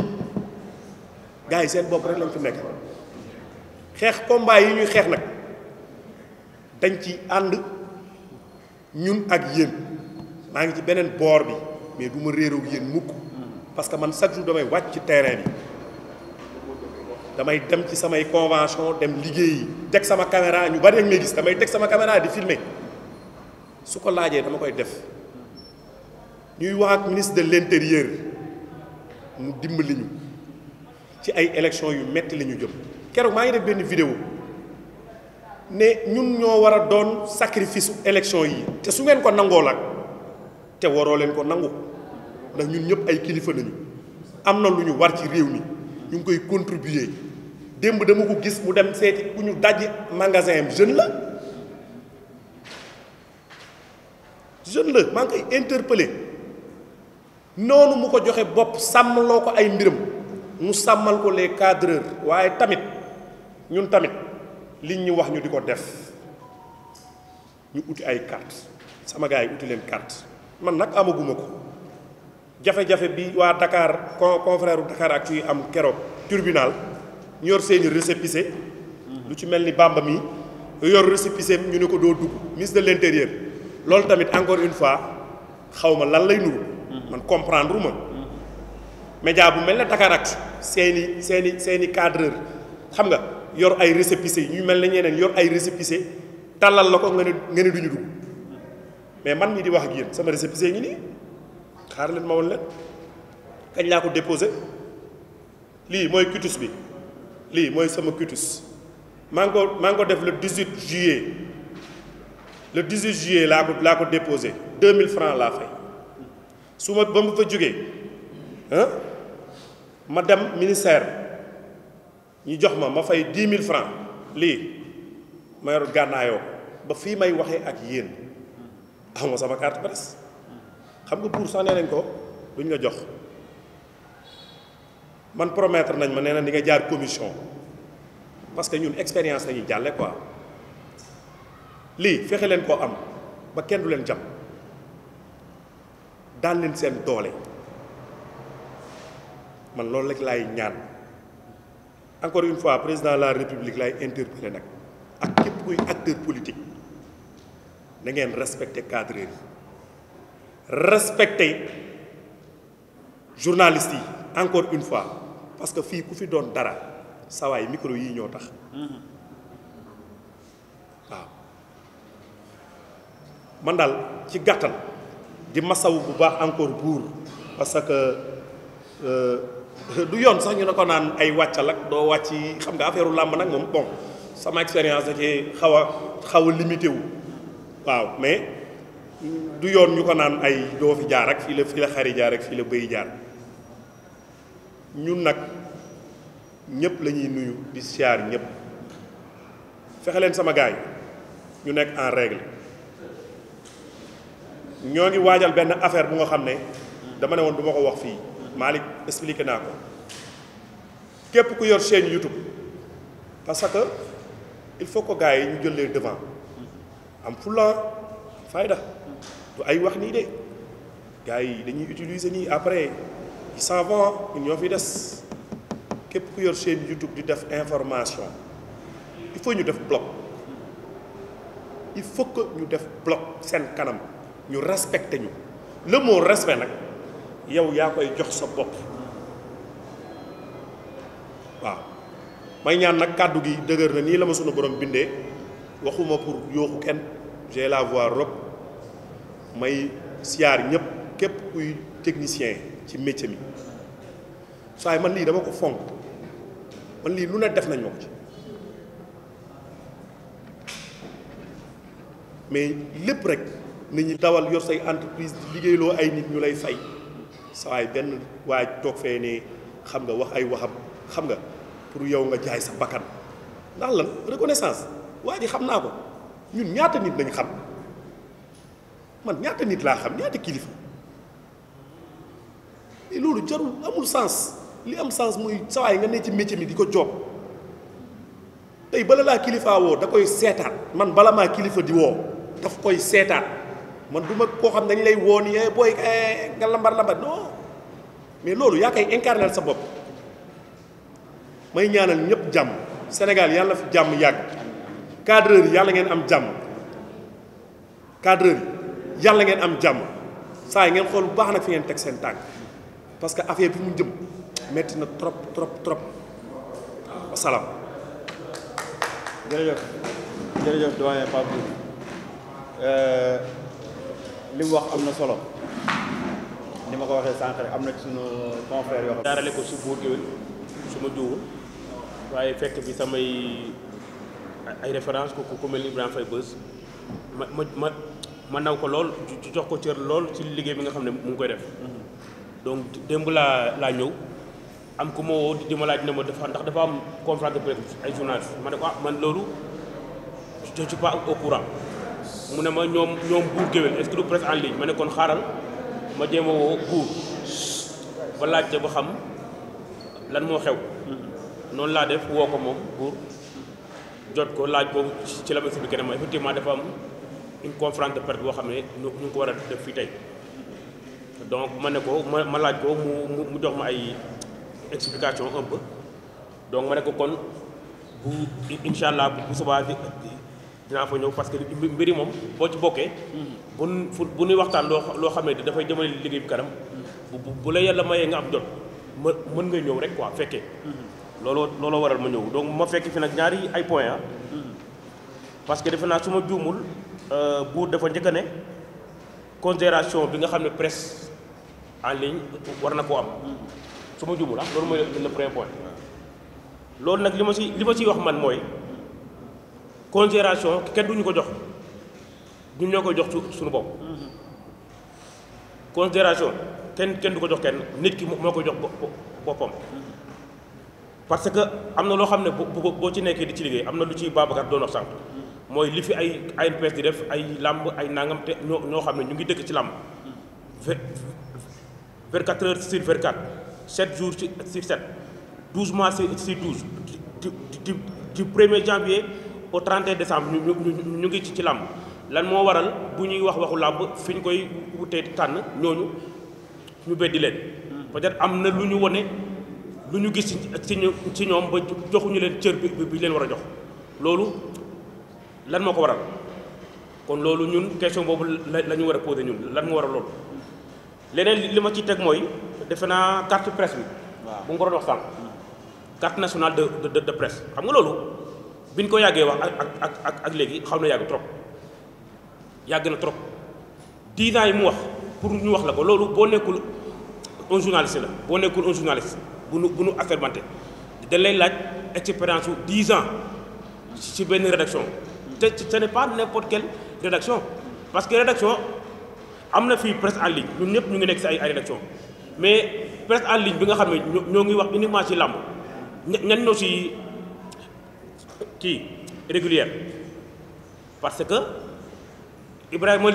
gars yi seen bopp rek lañ fi nekk xeex combat yi ñuy xeex nag dañ ci ànd ñun ak yéen maa ngi ci beneen boor bi mais du ma réeroo yéen mukk parce que man chaque jour damay wàcc ci terrain damay dem ci samay convention dem liggéeyi teg sama caméra ñu bari ak may gis damay teg sama caméra di filmer su ko laajee dama koy def ñuy wax ak ministre de l'intérieur mu dimbali ñu ci ay élections yu metti la ñu jëm. keroog maa ngi def benn vidéo ne ñun ñoo war a doon sacrifice élection yi te su ngeen ko nangoo la te waroo leen ko nangu ndax ñun ñëpp ay kilifa nañu am na lu ñu war ci réew mi ñu ngi koy contribuer démb dama ko gis mu dem seeti ku ñu daj magasin am jeune la jeune la maa ngi koy interpellé noonu mu ko joxe bopp sàmmaloo ko ay mbiram mu sàmmal ko les cadreurs waaye tamit ñun tamit li ñu wax ñu di ko def ñu uti ay carte sama gars yi uti leen carte man nag amaguma ko jafe-jafe bi waa Dakar con confrère Dakar ak ci am keroog tribunal ñu yor seeni récépissé lu ci mel ni bàmba mi yor récépissé ñu ne ko doo dugg ministre de l'intérieur loolu tamit encore une fois xaw ma lan lay nuru man comprendre ma bu mel ne Dakaractu seeni seeni seeni cadreur xam nga yor ay récépissé ñu mel ne ñeneen yor ay récépissé tàllal la ko nga ne nga ne duñu dugg mais man mii di wax ak sama récépissé ngi nii xaar leen ma woon leen kañ laa ko déposé lii mooy cutus bi lii mooy sama cutus maa ko maa ngi ko def le dix 18 juillet le 18 juillet laa ko laa ko déposé 2000 francs laa fay su ma ba mu fa jógee ah ma dem ministère. ñu jox ma ma fay dix mille francs lii ma yor gànnaayoo ba fii may waxee ak yéen xawma sama carte presse xam nga buur sax nee nañ ko duñ nga jox man promettre nañ ma nee na di nga jaar commission parce que ñun expérience lañuy jàlle ko lii fexe leen koo am ba kenn du leen jam daan leen seen doole man loolu rek laay ñaan encore une fois président la république lay interpellé nag ak képp kuy acteur politique na respecté cadreur yi respecté journalistes yi encore une fois parce que fii ku fi doon dara sawaay micro yi ñoo tax waaw man daal ci gàttan di masawu bu baax encore buur parce que euh, du yoon sax ñu ne ko naan ay wàccal ak doo wàcc xam nga affaire làmb nag moom bon sama expérience da ci xaw a xaw a limité waaw mais du yoon ñu ko naan ay doo fi jaar ak fii la fii la xari jaar ak fii la bëy jaar ñun nag ñëpp lañuy nuyu di siyaar ñëpp fexe leen sama gaay ñu nekk en régle ñoo ngi waajal benn affaire bu nga xam ne dama ne woon du ma ko wax fii Malick expliqué naa ko képp ku yor chaîne YouTube parce que il faut que gars yi ñu jëlee leen devant am fulla fayda du ay wax nii de gars yi dañuy utiliser nii après ils s'en vont ñoo fi des képp ku yor chaîne YouTube di def information il faut ñu def bloc il faut que ñu def bloc seen kanam ñu respecté ñu le mot respect nag. yow yaa koy jox sa bopp waaw may ñaan nag kàddu gi dëgër na nii la ma sunu borom bindee waxuma pour yooxu kenn j'ai la voix rob may siyaar ñëpp képp kuy technicien ci métier mi saay man lii dama ko fonk man lii lu ne def nañ ko ci mais lépp rek nit ñu dawal yor say entreprise di liggéeyloo ay nit ñu lay fay sawaay benn waay toog fee ne xam nga wax ay waxam xam nga pour yow nga jaay sa bakkan ndax lan reconnaissance waa ji xam naa ko ñun ñaata nit lañ xam man ñaata nit laa xam ñaata kilifa loolu jarul amul sens li am sens muy sawaay nga ne ci métier mi di ko joob tey bala laa kilifa woo da koy seetaat man bala maa kilifa di woo daf koy seetaat man du ma koo xam dañ lay woon yee eh, booy eh, nga lambar lambar non mais loolu yaa koy incarnel sa bopp may ñaanal ñëpp jàmm Sénégal yàlla fi jàmm yàgg cadreur yi yàlla ngeen am jàmm cadreur yi yàlla ngeen am jàmm saa yi ngeen xool bu baax nag fi ngeen teg seen tànk parce que affaire bi mu jëm metti na trop trop trop wasalaam. jërëjëf jërëjëf doyen li mu wax am na solo ni ma ko waxee sànq am na ci sunu confrère yoo xam jaarale ko si buur géwél su ma juwul waaye fekk bi samay ay référence ku ku mel ni Ibrahima Faye ma ma ma ma ko lool ci jox ko cër lool ci liggéey bi nga xam ne mu ngi koy def donc démb laa laa ñëw am ku ma di di ma laaj dina ma dafa ndax dafa am conférence de presse ay journalistes ma ne ko ah man loolu je ci pas au courant mu ne ma ñoom ñoom buur géwél est-ce en ligne ma ne kon xaaral ma jéem a woo buur ba laajte ba xam lan moo xew mm-hmm. noonu laa def woo ko moom buur jot ko laaj ko ci la ma expliqué ne ma effectivement dafa am une conférence de presse boo xam ne ñu ko war a def fii tey donc ma ne ko ma ma laaj ko mu mu jox ma ay explication un donc ma ne ko kon bu incha allah bu subaa naa fa ñëw parce que mbiri moom boo ci bokkee. bu bu ñuy waxtaan loo loo xam ne dafay jëmale liggéey bi kanam. bu bu la yàlla mayee nga am jot ma mën nga ñëw rek quoi fekkee. looloo looloo waral ma ñëw donc ma fekk fi nag ñaari ay point ah. parce que defe naa su ma juumul euh, buur dafa njëkk a ne considération bi nga xam ne presse en ligne war na koo am. su ma juumul ah loolu mooy le premier loolu nag li ma si li ma siy wax man mooy. considération kenn duñu ko jox ñun ñoo koy jox suñu bopp considération kenn kenn du ko jox kenn nit ki moo koy jox boppam parce que am na loo xam ne bu boo ci nekkee di ci liggéey am na lu ci Babacar doono wax mooy li fi ay ay ANPS di def ay làmb ay nangam te ñoo xam ne ñu ngi dëkk ci làmb vingt quatre heures sur vingt quatre sept jours ci sur sept douze mois sur douze du du du premier janvier au 31 décembre ñu ñu ñu ngi ci ci làmb lan moo waral bu ñuy wax waxu làmb fi ñu koy wutee tànn ñooñu ñu beddi leen hmm. peut-être am na lu ñu wone lu ñu gis ci ci ñoom ba joxuñu leen cër bi bi leen war a jox loolu lan moo ko waral kon loolu ñun question boobu la lañu war a posé ñun lan moo waral loolu leneen li ma ciy teg mooy defe naa carte presse bi bu nga ko doon wax sànq hmm. carte nationale de de presse xam nga loolu biñ ko yàggee wax ak ak ak ak léegi xam na yàgg trop yàgg na trop dix ans yi mu wax pour ñu wax la ko loolu boo nekkul un journaliste la boo nekkul un journaliste bu nu bu nu assermenté dañ lay laaj expérience su ans si benn rédaction te ce n'est pas n'importe quelle rédaction parce que rédaction am na fii presse en ligne ñun ñëpp ñu ngi nekk si ay ay rédaction mais presse en ligne bi nga xam ne ñoo ngi wax uniquement ci làmb ñan ñoo si kii régulière parce que Ibrahima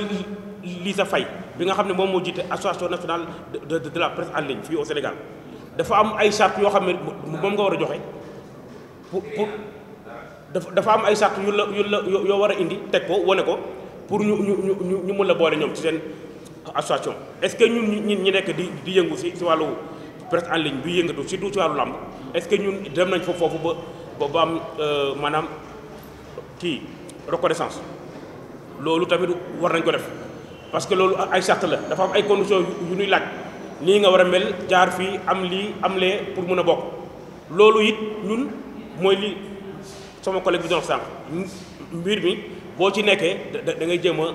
sa Faye bi nga xam ne moom moo jiite association nationale de de la presse en ligne fii au Sénégal dafa am ay charte yoo xam ne moom nga war a joxe pour dafa am ay charte yu la yu la yoo war a indi teg ko wane ko pour ñu ñu ñu ñu mën la boole ñoom ci seen association. est-ce que ñun ñi ñi nekk di di yëngu si si wàllu presse en ligne bi yëngatu surtout si wàllu làmb est-ce que ñun dem nañ fa foofu ba. ba ba am euh, maanaam kii reconnaissance loolu tamit war nañ ko def parce que loolu ay sart la dafa am ay conditions yu ñuy laaj nii nga war a mel jaar fii am lii am lee pour mun a bokk loolu it ñun mooy li sama collègue bi doon sànq mbir mi boo ci nekkee da ngay jéem a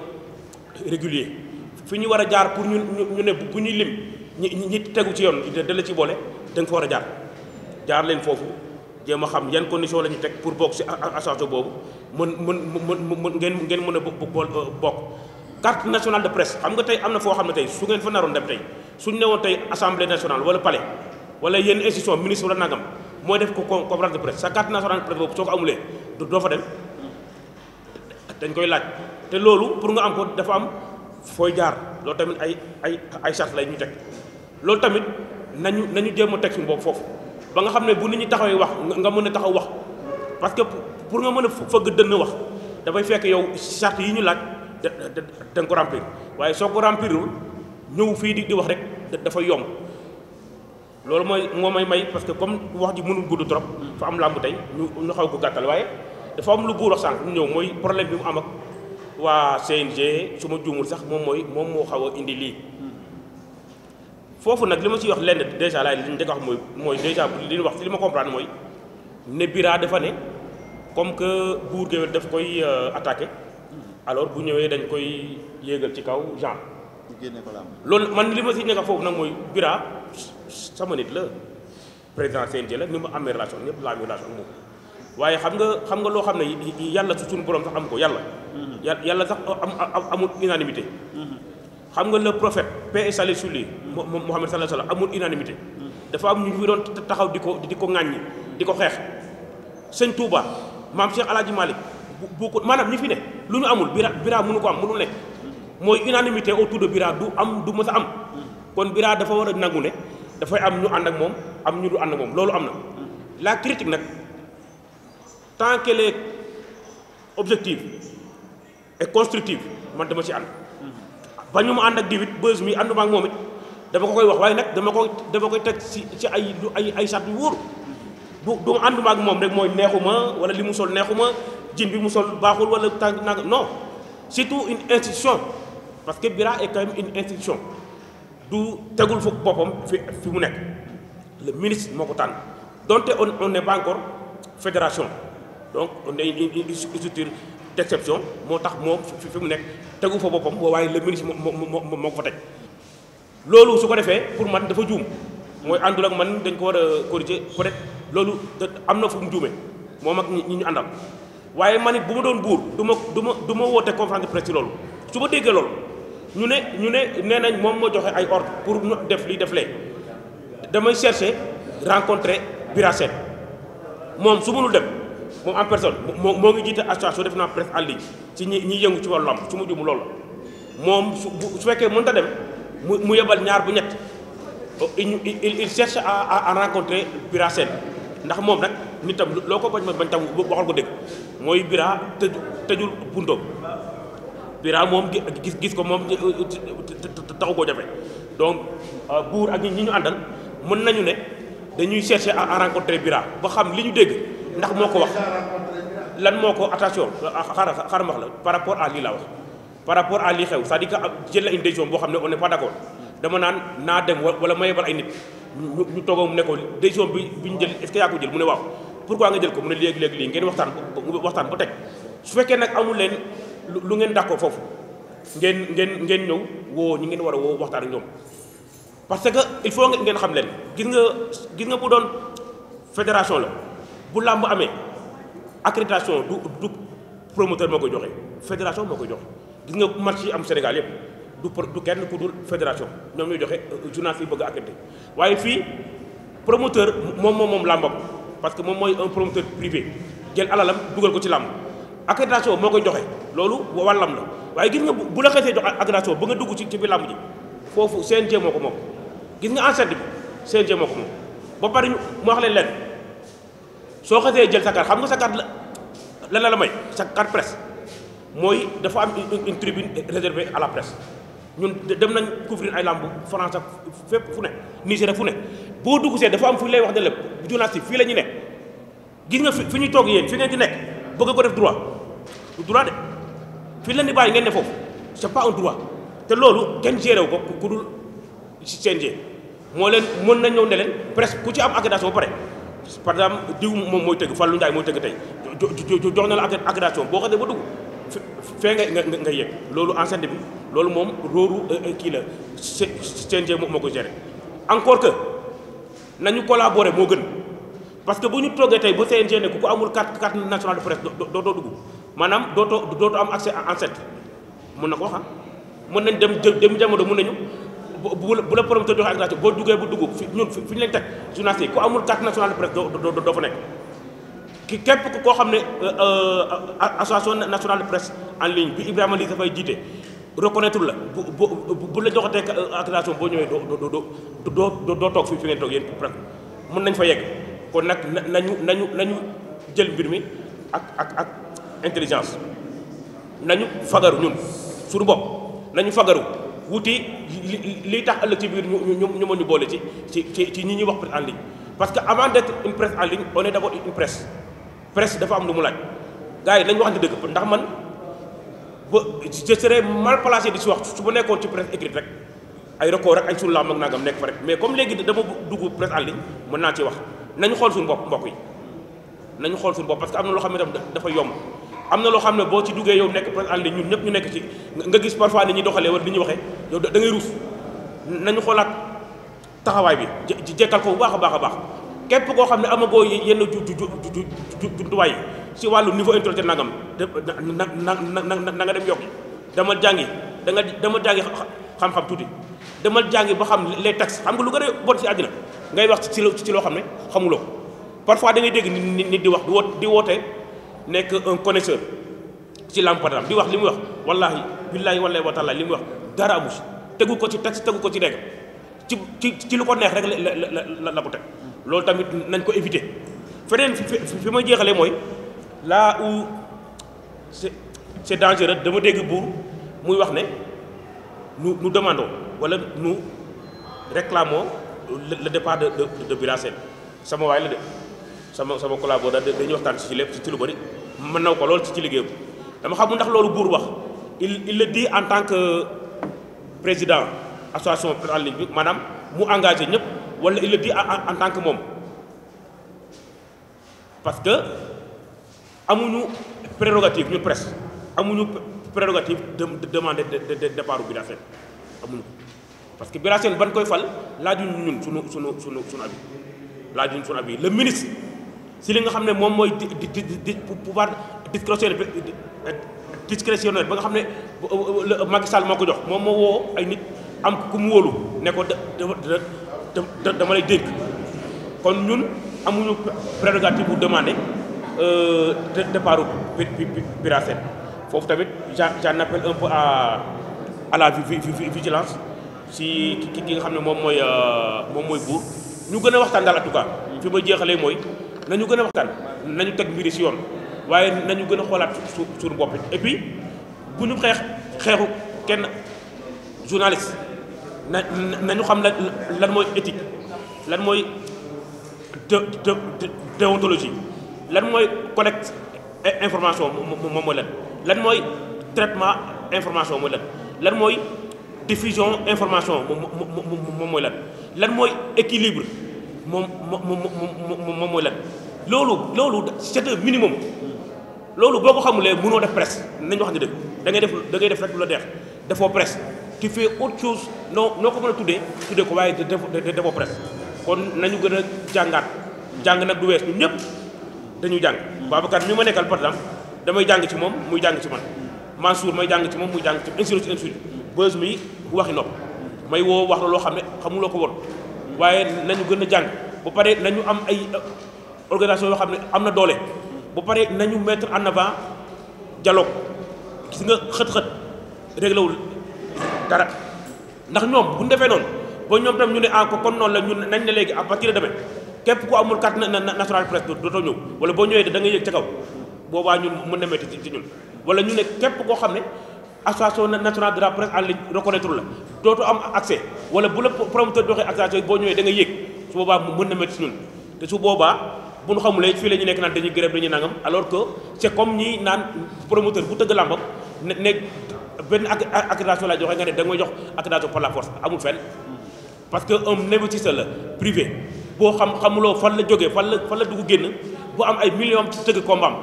régulier fi ñu war a jaar pour ñu ñu ne bu ñu lim ñi ñi tegu ci yoon da la ci boole da nga war a jaar jaar leen foofu jéem a xam yan condition la ñu teg pour bokk si association boobu mën mën mën ngeen ngeen mën a bokk carte nationale de presse xam nga tey am na foo xam ne tey su ngeen fa naroon dem tey suñu ne woon tey assemblée nationale wala palais wala yenn institution ministre wala nangam mooy def ko conférence de presse sa carte nationale de presse boobu soo ko amulee du doo fa dem dañ koy laaj te loolu pour nga am ko dafa am fooy jaar loolu tamit ay ay ay charte lay ñu teg loolu tamit nañu nañu jéem a teg suñu bopp foofu ba nga xam ne bu nit ñi taxawee wax nga mën a taxaw wax parce que pour nga mën a fëgg dënn wax dafay fekk yow charte yi ñu laaj da da nga waaye soo ko remplirul ñëw fii di di wax rek dafa yomb loolu mooy moo may may parce que comme wax ji mënul gudd trop fa am laa tey ñu ñu xaw ko gàttal waaye dafa am lu buur wax sànq ñu ñëw mooy problème bi mu am ak waa CNG su ma juumul sax moom mooy moom moo xaw a indi lii foofu nag li ma ciy wax lenn dèjà laay liñ njëkk wax mooy mooy dèjà li ñu wax ci li ma comprendre mooy ne Bira dafa ne comme que buur géwél daf koy euh, attaqué alors bu ñëwee dañ koy yéegal ci kaw genre loolu man li ma si nekk foofu nag mooy Bira sama nit la président CNG la ni ma amee relation ñëpp laa amee relation ak moom waaye xam nga xam nga loo xam ne yàlla su suñu borom sax am ko mm-hmm. yàlla yàlla sax am amul unanimité mm-hmm. xam nga le prophète paix et salut sur lui moom Muhammad sallallahu alayhi wa sallam amul unanimité dafa am ñu fi doon taxaw di ko di ko ŋàññi di ko xeex sëñ Touba maam Cheikh El Hadj Malick bu ko maanaam ñi fi ne lu ñu amul bira bira mënu ko am mënul nekk mooy unanimité autour de bira du am du ma sa am kon bira dafa war a nangu ne dafay am ñu ànd ak moom am ñu du ànd ak moom loolu am na la critique nag tant qu'elle est objective et constructive man dama ci ànd ba ñu ànd ak diwit beuse mi ànduma ak moom it ko koy wax waaye nag dama ko dama koy teg si ci ay ay ay sat yu wóor bu du ànduma ak moom rek mooy neexuma wala li mu sol neexuma jin bi mu sol baaxul wala tànk nag non surtout une institution parce que Bira est quand même une institution du tegul fu boppam fi fi mu nekk le ministre moo ko tànn donte on on n'est pas encore fédération donc on est une d'exception moo tax moo fi mu nekk tegu fa boppam waaye le ministre moo moo moo ko fa teg loolu su ko defee pour man dafa juum mooy àndul ak man dañ ko war a corriger peut-être loolu am na fu mu juumee moom mag ñi ñu àndal waaye man it bu ma doon buur du ma du ma du ma woote conférence de presse ci loolu su ma déggee loolu ñu ne ñu ne nee nañ moom moo joxe ay ordre pour ñu def lii def lee damay chercher rencontrer Bira moom su mënul dem moom en personne moo moo ngi jiite association def naa presse en ligne si ñi ñi yëngu ci wàllu lamb su ma juum loolu moom su su fekkee mën a dem mu yebal ñaar bu ñett oh, il il cherche à à rencontrer Bira Sène ndax moom nag nit tam loo ko bañ bañ tam waxal ko dégg mooy Bira tëju tëjul buntoom Bira moom gis gis ko moom taxu koo jafe donc euh, buur ak ñi ñu àndal mën nañu ne dañuy chercher à rencontrer Bira ba xam li ñu dégg. ndax moo ko wax lan moo ko attention xaaral xaaral wax la par rapport à lii laa wax par rapport à lii xew c'est-à-dire que jël na une décision boo xam ne on n'est pas d'accord dama naan naa dem wala ma yebal ay nit ñu toogoo mu ne ko décision bi bi ñu jël est-ce que yaa ko jël mu ne waaw pourquoi nga jël ko mu ne léegi léegi lii ngeen waxtaan waxtaan ba teg su fekkee nag amul leen lu ngeen d'accord foofu ngeen ngeen ngeen ñëw woo ñi ngeen war a woo waxtaan ak ñoom parce que il faut ngeen xam leen gis nga gis nga bu doon fédération la bu làmb amee accréditation du du promoteur moo ko joxe fédération moo koy joxe gis nga match yi am Sénégal yëpp du du kenn ku dul fédération ñoom ñuy joxe euh, journaliste yi bëgg a waaye fii promoteur moom moom moom làmbam parce que moom mooy un promoteur privé jël alalam dugal ko ci làmb accréditation moo ko joxe loolu wàllam la waaye gis nga bu la xasee jox accréditation ba nga dugg ci ci biir làmb ji foofu CNG moo ko moom gis nga enceinte bi CNG ba pare ñu mu wax soo xasee jël sa carte xam nga sa carte la lan la may sa carte presse mooy dafa am une tribune réservée à la presse ñun dem nañ couvrir ay lamb France ak fépp fu ne Niger fu ne boo dugg see dafa am fu lay wax ne lépp journaliste yi fii la ñu ne gis nga fi fi ñu toog yéen fi ngeen di nekk bëgg ko def droit droit de fii leen di bàyyi ngeen ne foofu c'est droit te loolu kenn géré ko ku dul CNG moo leen mën nañ ñëw ne leen presse ku ci am accréditation ba pare par exemple diw moom mooy tëgg lu Ndiaye mooy tëgg tey jox na la accréditation boo xam ne ba dugg fee nga nga nga yëg loolu enceinte bi loolu moom róoru euh, kii la CNG moo ko géré encore que nañu collaborer moo gën parce que bu ñu toggee tey bu CNG ne ku ko amul carte carte nationale de presse doo doo dugg maanaam dootoo dootoo am accès enceinte mun na koo xam ah mën nañ dem dem jamono mun nañu bu la promoteur joxe agréation boo duggee bu dugg fi ñun fi ñu leen teg journaliste yi ku amul carte nationale de presse doo doo fa nekk koo xam ne euh, euh, association nationale de presse en ligne bi Ibrahima dafay jiite reconnaître la bu bu bu la joxatee agréation euh, boo ñëwee doo doo doo doo toog fi fi ngeen toog yéen presque mën nañ fa yegg kon nag na nañu nañu jël mbir mi ak ak ak intelligence nañu fagaru ñun suñu bopp nañu fagaru wuti li li tax ëllëg ci biir ñu ñu ñu mën ñu boole ci ci ci ci ñi ñuy wax presse en ligne parce que avant d'être une presse en ligne on est d'abord une dafa am lu mu laaj gars yi dañu waxante dëgg ndax man ba je serais mal placé di si wax su ma nekkoon ci presse écrite rek ay record rek ay suul laa mag nangam nekk fa rek mais comme léegi dama dugg presse en ligne mën naa ci wax nañu xool suñu bopp mbokk yi nañu xool suñu bopp parce que am na loo xam ne dafa yomb. am na loo xam ne boo ci duggee yow nekk par àll ñun ñëpp ñu nekk ci nga gis parfois ni ñuy doxalee wala ni ñuy waxee yow da ruus nañu xoolaat taxawaay bi ji jekkal ko bu baax a baax a baax képp koo xam ne amagoo yenn ju jumtuwaay yi si wàllu niveau intellectuel nangam na na na nga dem yokk dama jàngi da nga dama jàngi xam-xam tuuti dama jàngi ba xam les taxes xam nga lu gën a bon si àddina ngay wax ci ci loo xam ne xamuloo parfois da ngay dégg nit di wax di wootee nekk un connaisseur ci lampadaram di wax li muy wax wallaahi billaahi wallaahi wa taala li muy wax dara amu si tegu ko ci texte tegu ko ci nekk ci ci ci lu ko neex rek la la la ko teg loolu tamit nañ ko éviter feneen fi ma jeexalee mooy là u c'est c'est dangereux dama dégg buur muy wax ne nous nous demandoo wala nous réclamons la départ de de de Birasène sama waay la de. sama sama collaborateur dañuy waxtaan ci lépp ci lu bëri ma naw ko loolu ci ci liggéeyam dama xamul ndax loolu buur wax il il le dit en tant que président association en ligne maanaam mu engagé ñëpp wala il le dit en tant que moom parce que amuñu prérogative ñun presse amuñu prérogative de de demander de de départ u Bira amuñu parce que Bira ban koy fal laajuñ ñun sunu sunu sunu sunu avis laajuñ sunu avis le ministre. si li nga xam ne moom mooy di di pouvoir discrétionnaire discrétionnaire ba nga xam ne Macky Sall moo ko jox moom moo woo ay nit am ku mu wóolu nekkoo ko da da dama lay dégg kon ñun amuñu prérogative bu demander départ Bira Sène foofu tamit j'en appelle un peu à à la vigilance si ki ki nga xam ne moom mooy euh, moom mooy buur ñu gën a waxtaan daal en tout cas fi ma jeexalee mooy nañu gën a waxtaan nañu teg mbiri si yoon waaye nañu gën a xoolaat su suñu bopp et puis bu ñu xeex xeexu kenn journaliste na nañu xam lan lan mooy éthique lan mooy de de déontologie lan mooy collecte information moom mooy lan lan mooy traitement information mooy lan lan mooy diffusion information moom mooy lan lan mooy équilibre moom moom moom moom mooy lan loolu loolu c'est un minimum loolu boo ko xamulee mënoo def presse nañu wax ne dëgg da ngay def da ngay def rek lu la deex defoo presse tu fais autre chose noo noo ko mën a tuddee tuddee ko waaye defoo presse kon nañu gën a jàngaat jàng nag du wees ñun ñëpp dañu jàng Babacar mi ma nekkal par exemple damay jàng ci moom muy jàng ci man Mansour may jàng ci moom muy jàng ci insulte insulte beuse mi waxi nopp may woo wax la loo xam ne xamuloo ko woon waaye nañu gën a jàng bu paree nañu am ay euh, organisation loo xam ne am na doole bu paree nañu mettre en avant dialogue gis nga xët-xët réglé wul dara ndax ñoom bu ñu defee noonu ba ñoom tam ñu ne ah ko kon noonu la ñu nañ ne léegi à partir de demain képp ku amul na nationale presse dootoo ñëw wala boo ñëwee da nga yëg ca kaw boobaa ñun mën na métti ci ñun wala ñu ne képp koo xam ne. association nationale de la presse en ligne reconnaître la dootu am accès wala bu la promoteur doxee accès boo ñëwee da nga yéeg su boobaa mën na métti si ñun te su boobaa bu ñu xamulee la ñu nekk naan dañuy grève dañuy nangam alors que c' est comme ñi naan promoteur bu tëgg làmbam ne ne benn accréditation laa joxe nga ne da nga jox accréditation par la force amul fenn parce que un investisseur la privé boo xam xamuloo fan la jógee fan la fan la dugg génn bu am ay millions ci tëgg combat am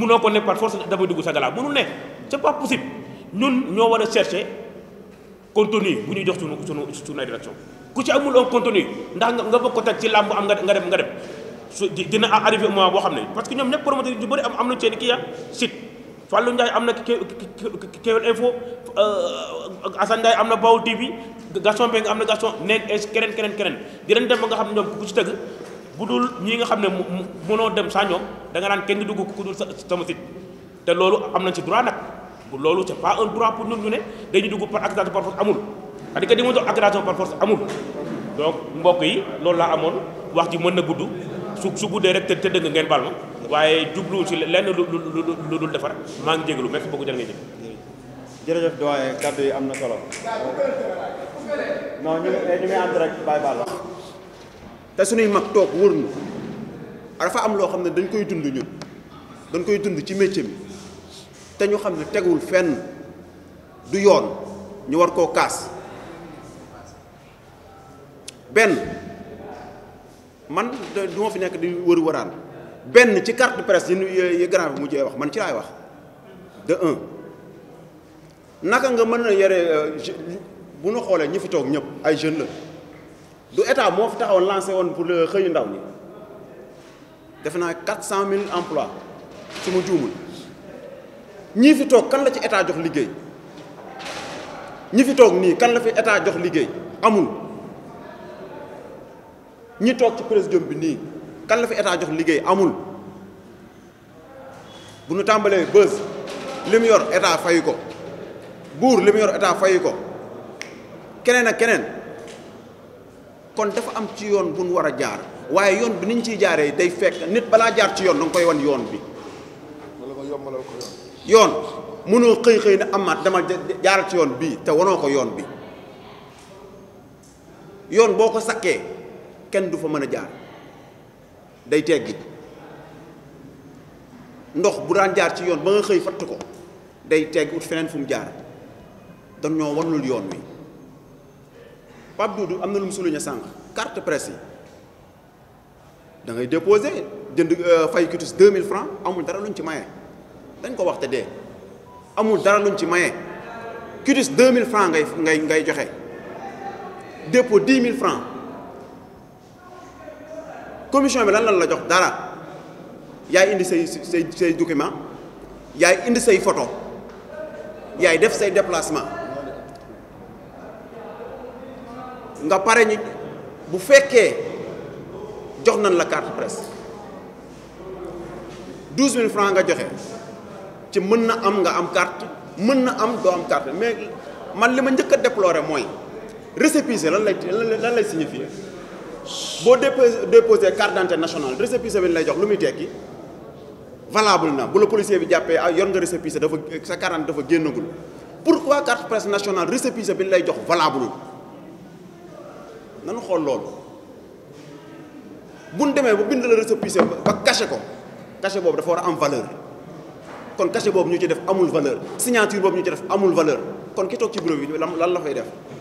munoo ko ne par force damay dugg sa gala mënul ne c' est pas possible ñun ñoo war a chercher contenu bu ñu jox sunu sunu sunu direction ku ci amul un contenu ndax nga bëgg ko teg ci làmb am nga nga dem nga dem su dina arrivé moment boo xam ne parce que ñoom ñëpp promoteur yu bëri am am na seen kii ya ah, site Fallou Ndiaye am na Kewel Info euh, Assane Ndiaye am na am na Gaston nekk keneen keneen keneen dinañ dem ba nga xam ne ñoom ku ci tëgg bu dul ñii nga xam ne mënoo dem saa ñoom da nga naan kenn dugg ku dul sama site te loolu am na ci droit nag. bu loolu c'est pas un droit pour ñun ñu ne dañu dugg par accréditation par force amul c'est-à-dire que di ma doon accréditation donc mbokk yi loolu laa amoon wax ji mën na gudd su su guddee rek te dëgg ngeen baal ma waaye jublu ci lenn lu lu lu dul defar maa ngi jégalu merci beaucoup jërë ngeen jëf. jërëjëf doyen kàddu yi am na solo. non ñu ñu ngi ànd toog wër ñu am loo xam ne dañ koy dund ñun dañ koy dund ci métier mi. te ñu xam ne tegul fenn du yoon ñu war koo kaas benn man du ma fi nekk di wër waraan benn ci carte de yi yi grand bi jee wax man ci laay wax de un naka nga mën na yore euh, bu ñu xoolee ñi fi toog ñëpp ay jeunes la du état moo fi taxawoon lancé woon pour xëyu ndaw ñi defe naa quatre cent mille emplois su ma juumul ñii fi toog kan la ci état jox liggéey ñi fi toog nii kan la fi état jox liggéey amul ñi toog bi nii kan la fi état jox liggéey amul bu nu tàmbalee bës li mu yor ko buur li mu fay ko keneen ak keneen kon dafa am ci yoon bu nu war a jaar waaye yoon bi ni ñu ciy jaaree day fekk nit balaa jaar ci yoon danga koy wan yoon bi. wala nga yoon mënoo xëy xëy na amaat dama jaaral ci yoon bii te wanoo ko yoon bi yoon boo ko sakkee kenn du fa mën a jaar day teggi ndox bu daan jaar ci yoon ba nga xëy fatt ko day teggi ut feneen fu mu jaar dañ wanul yoon wi Pape Doudou am na lu mu souligné sànq carte presse yi da ngay déposé jënd euh, fay kitus 2000 francs amul dara luñ ci maye. dañ ko wax te dee amul dara luñ ci maye cutis 2000 francs ngay ngay ngay joxe dépôt 10 000 francs commission bi lan lan la jox dara yaay indi say say say document yaay indi say photo yaay def say déplacement nga pare ñu bu fekkee jox nañ la carte presse 12000 francs nga joxe ci mën na am nga am carte mën na am doo am carte mais man li ma njëkk a déploré mooy récépissé lan lay lan lay signifié boo déposé carte d'identité nationale récépissé bi lay jox lu muy tekki valable na bu la policier bi jàppee ah yor nga récépissé dafa sa carte dafa génnagul pourquoi carte presse nationale récépissé bi lay jox valable nanu xool bu nu demee bu bind la récépissé ba caché ko caché boobu dafa war a am valeur kon cachet boobu ñu ci def amul valeur signature boobu ñu ci def amul valeur kon ki toog ci bureau bi lan la fay def